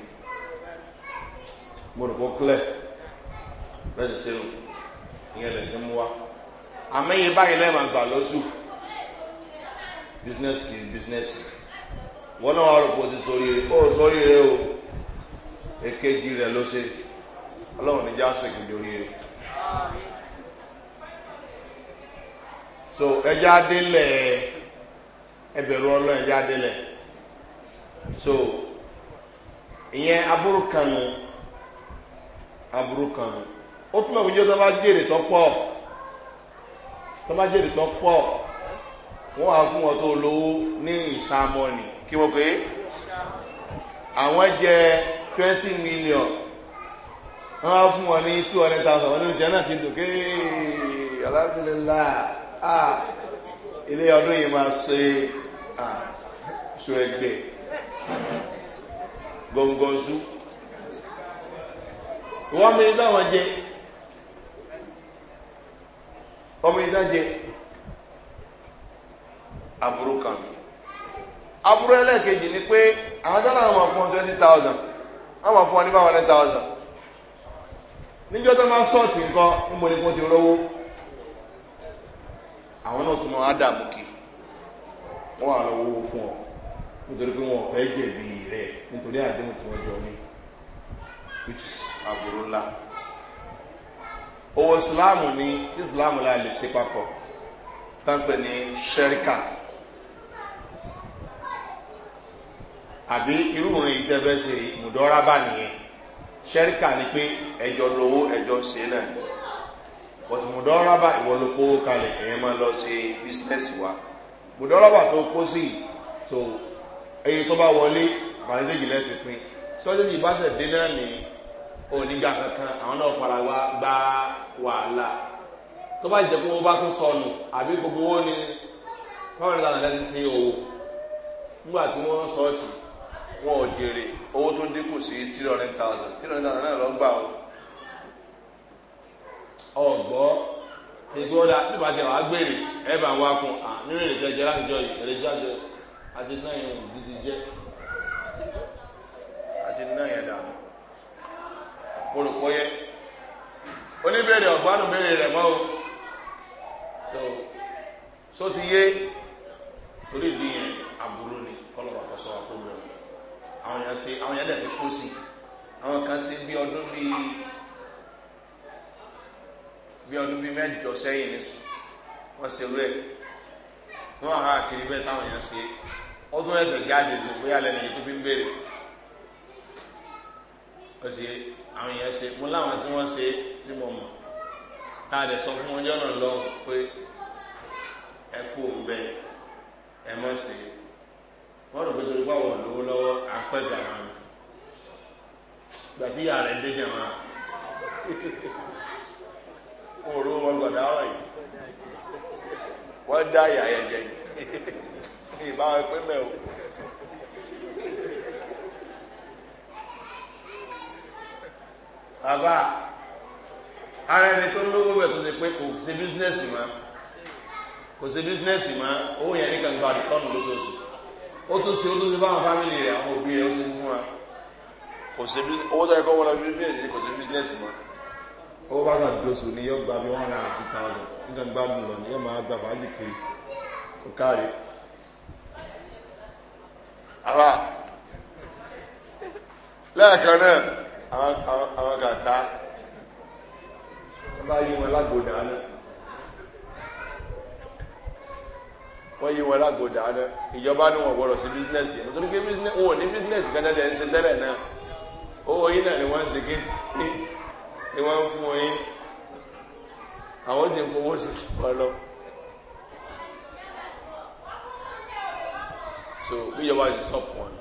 mo rò kó clear. bẹ́ẹ̀ ṣe ń ìyẹn lè mú wa àmẹ́yẹ báyìí gbà business kì í business wọn náà wà ti ó o èkejì rẹ ló ṣe ọlọ́run níjà ṣègùn lórí rẹ so ẹja délẹ̀ ẹbẹ̀rù ọlọ́run so ìyẹn aburú kanu ó túnmọ̀ kó jẹ́ tó bá jèrè tó pọ̀ tó bá jèrè tó pọ̀ wọ́n á fún wọn tó lówó ní ìsàmọ́nì kí wọ́n pé àwọn jẹ twenty million wọ́n á fún wọn ní two hundred thousand wọ́n ní ìjẹ́ náà ti dùn kí alábìlélá ilé ọdún yìí máa ṣe ṣo ẹgbẹ́ gọ́ngọ́n wọ́n mi dáwọn jẹ́ ọmọ ìdá kan mi aburú ẹlẹ́ẹ̀kejì ni pé àwọn tó fún ọ twenty thousand fún ọ ní bá thousand níjọ́ tó máa sọ́ọ̀tì nǹkan ti rówó àwọn náà tún máa dààmú kí wọ́n fún ọ nítorí pé wọn fẹ́ jẹ̀bi rẹ̀ nítorí àdéhùn tí wọ́n jọ ní owó islam ni tí islam la lè ṣe papọ̀ tánpẹ̀ ní ṣẹ́ríkà àbí irú òun èyí tẹ́fẹ́ ṣe mùdọ́rábà nìyẹn ṣẹ́ríkà ni pé ẹjọ́ lówó ẹjọ́ ṣe náà but mùdọ́rábà ìwọ ló kówó kalẹ̀ èèyàn máa lọ ṣe bísínẹ́sì wa mùdọ́rábà tó kó sí so èyí tó bá wọlé màdéjì lẹ́fìpín sọ́jọ́jì bá ṣẹ̀ dé náà nìyẹn oniga kankan àwọn náà fara wa gba wàhálà tó bá jẹ́ pé owó bá tún sọnù àbí gbogbo owó ni fáwọn ìlànà lẹ́nu ṣe owó nígbà tí wọ́n sọ́ọ̀tì wọn ò jèrè owó tó dínkù sí three hundred thousand three hundred thousand náà lọ gbà ó ọgbọ́ ìgbọ́dá nígbà tí àwọn agbèrè ẹ̀bà wá mo rò pé oníbèrè ọ̀gbánù bèrè rẹ̀ o so so ti yé torí ìdí yẹn aburú ni kọlọ́wà kọsọ́ wa kó bẹ̀rẹ̀ àwọn yẹn ṣe àwọn yẹn dẹ̀ ti kó sí àwọn kan ṣe bí ọdún bíi bí ọdún bíi mẹ́jọ sẹ́yìn nísìn wọ́n ṣe rẹ̀ wọ́n àwọn àkiri bẹ́ẹ̀ táwọn yẹn ṣe ọdún ẹ̀sẹ̀ jáde lò bóyá lẹ́nu yìí tó fi ń bèrè ó ti yé àwọn èèyàn ṣe mo láwọn tí wọ́n ṣe tí mo mọ̀ tá a lè sọ fún ọjọ́ náà lọ pé ẹ kú òun bẹ ẹ mọ̀ sí i wọ́n rò pé torí pé àwọn olówó lọ́wọ́ à ń pẹ́ gàmà mi ìgbà tí ìyá rẹ̀ dé jẹ̀mọ́ òru wọn gbọ̀dá ọ̀ yìí wọ́n dá ìyá yẹn yìí ìbáwọn pé mẹ́ àbá ara ẹni tó lówó bẹ̀ tó ṣe pé kò ṣe bísínẹ́sì mọ́ kò ṣe owó yẹn nìkan gba àdìkọ́nù lóṣooṣù ó tún ṣe ó tún ṣe báwọn fámìlì rẹ̀ àwọn òbí rẹ̀ ó ṣe fún wa kò ṣe owó tó kò ṣe bísínẹ́sì owó bá ni yóò gba one hundred and thousand lọ ni yóò máa gba kiri kò káàrí náà àwọn kàtà wọ́n bá yí wọn lágbòdà náà wọ́n yí wọn lágbòdà náà ìjọba ní wọ́n gbọ́dọ̀ sí bísínẹ́sì yẹn nítorí pé wọ́n ní bísínẹ́sì kan tẹ́lẹ̀ ń se tẹ́lẹ̀ náà owó yín náà ni wọ́n ń se kí ni wọ́n ń fún wọn yín àwọn ti ń fowó sí ti wọ́n lọ. so bí yẹ wá ti sọ̀pọ̀ wọn.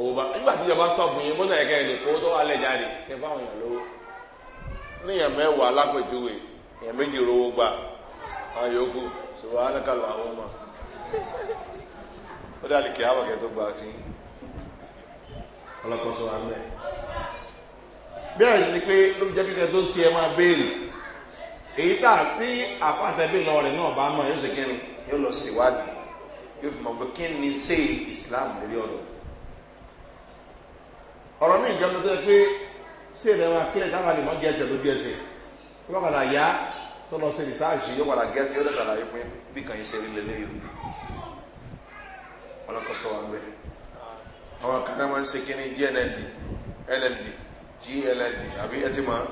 owó bá nígbà tí ìjọba stọọpù yín mọ́tò ẹ̀kẹ́ lè kó tó wà lẹ̀ jáde kí n fáwọn èèyàn lówó níyàn mẹ́wàá lápẹ̀júwe èèyàn méjì rówó gbà àwọn yòókù ṣùgbọ́n alákàlà àwọn ọmọ ó dàlí kí ábàkẹ́ tó gba ọtí ọlọ́kọ̀ọ́sọ wa mẹ́ bẹ́ẹ̀ ni pé ló jẹ́ kíkẹ́ tó ṣe ẹ máa béèrè èyí tà tí àfàtẹ́bí lọ rẹ̀ náà bá mọ̀ yóò ṣe kí ni yóò lọ ṣèwádìí yóò fi mọ̀ pé kí ni ṣe Islam lórí ọ̀rọ̀ ọ̀rọ̀ mí nǹkan tó yẹ pé sí ilẹ̀ wa clear táwọn àlèmọ́ jẹ́ ẹ̀jẹ̀ lójú ẹsẹ̀ tó bá padà yá tó lọ sí rìsáàsì yóò padà gẹ́tì yóò dẹ̀sà láyé fún bí kàn yín ṣe rí lélẹ́ yìí ọlọ́kọ̀ sọ wa bẹ́ẹ̀ àwọn kan náà máa ń ṣe kí ní dnld nld glld àbí ẹ ti máa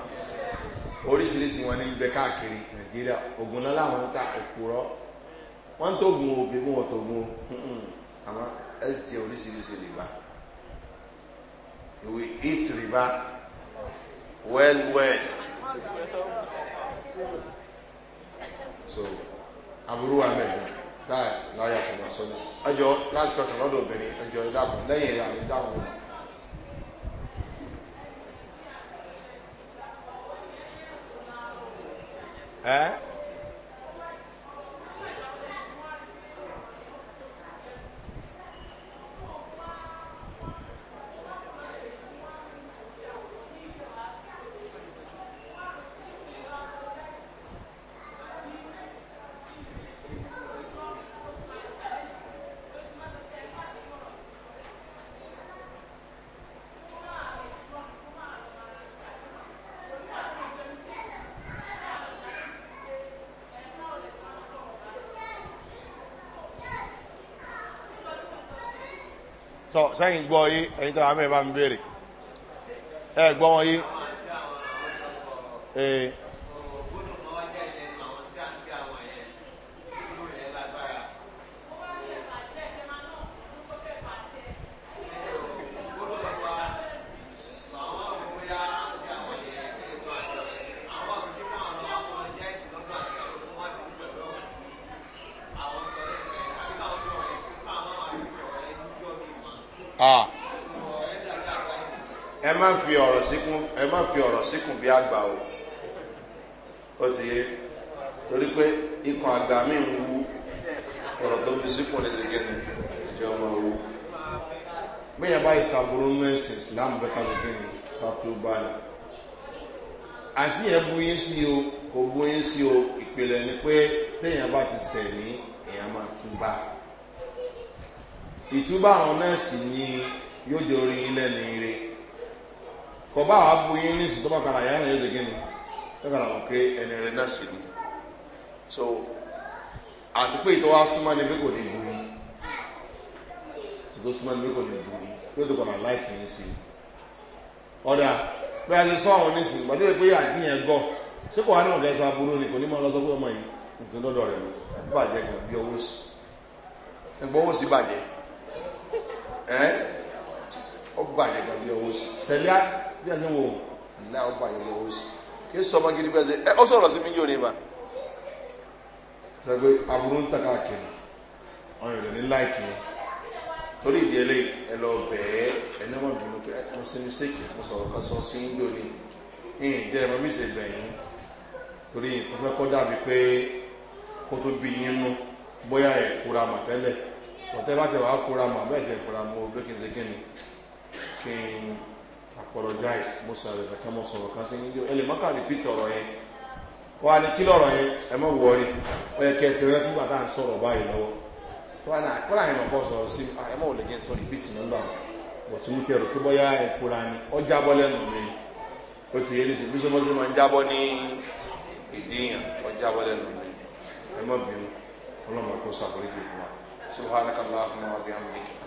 oríṣiríṣi wọn ní gbẹ káàkiri nàìjíríà ogun lọ́la wọn ń ta òkúrọ́ wọ́n ń tó gun òbí wọn tó gun àwọn ẹ jẹ oríṣiríṣi lè bá we eat riba well, well. So, aburú wa mẹ́rin láì láyà tó máa sọ ní sí. Ẹjọ́ lọ́dọ̀ obìnrin ẹjọ́ ìdáàbò lẹ́yìn rẹ̀ àmì dáhùn tọ́ sẹ́yìn gbọ́ yí ẹ̀yìn tó àmì ẹ̀bá ń bèèrè ẹ̀ gbọ́ wọn síkùn bí àgbà o ó ti yé torí pé ikùn àgbà mi ń wú ọ̀rọ̀ tó fi síkùn lè dìgẹ́ ni ìjọ ọmọ owó gbéyàn báyìí sàbúrú nọ́ẹ̀sì islam bẹ́ta ti kí ni tàtú báyìí àti yẹn bú yín sí o kò bú yín sí o ìpìlẹ̀ ni pé téèyàn bá ti sẹ̀ ní èèyàn máa túbà ìtúbà àwọn nọ́ọ̀sì ni yóò jẹ́ orí yín lẹ́nu ire kọ bá wàá bu yín nísìn na bá kàrà yá náà yóò ṣe kíni so àti pé ìtọ́wá súnmọ́ dị pé kò ní bu yín ìtọ́ súnmọ́ ni pé kò ní bu yín a sọ àwọn nísìn gbàdúrà pé àdínyẹn gọ̀ ṣé kò wá ní ọ̀gá ẹ̀ṣọ́ ọzọ bí a ṣe ń wò ńlá ọba yẹn lọ́wọ́ sí kí sọmọ gidi bẹ́ẹ̀ ṣe ẹ ọ sọ̀rọ̀ sí mi yóò ní ma. sẹ́gbẹ́ aburú ń ta káàkiri àwọn èèyàn ní láìkì yẹn torí ìdí ẹlẹ́yìn ẹ lọ bẹ̀ẹ́ ẹ ní wọ́n dùnú pé ẹ kọ́ sí ní sẹ́kì mo sọ̀rọ̀ kan sọ sí yóò ní ìyìn dẹ́ ẹ mọ bí ṣe bẹ̀yìn torí nǹkan fẹ́ kọ́ dàbí pé kó tó bí yín mú bóyá ẹ̀ fura mà tẹ́lẹ̀ ọ̀tẹ́ bá tẹ̀ wá fura mà bẹ́ẹ̀ tẹ̀ fura mọ́ gbé kí n ṣe kí ni kí n apologize musa sọ̀rọ̀ ìfẹ̀kẹ́ mo kasị kan sí níjọ́ ẹlẹ́ mọ́kà ní pítsọ̀ ọ̀rọ̀ yẹn wọ́n á ní kí ọrịa. yẹn ẹ mọ́ wọ́ọ́rí ó yẹ kẹ́ ẹ ti ń sọ̀rọ̀ báyìí lọ́wọ́ tó ah, wà náà yẹn sí ẹ tí mo ti rò pé ẹ fura ni mi ti bísí mo sì máa ń ní ìdíyàn ọ mi ẹ bínú kó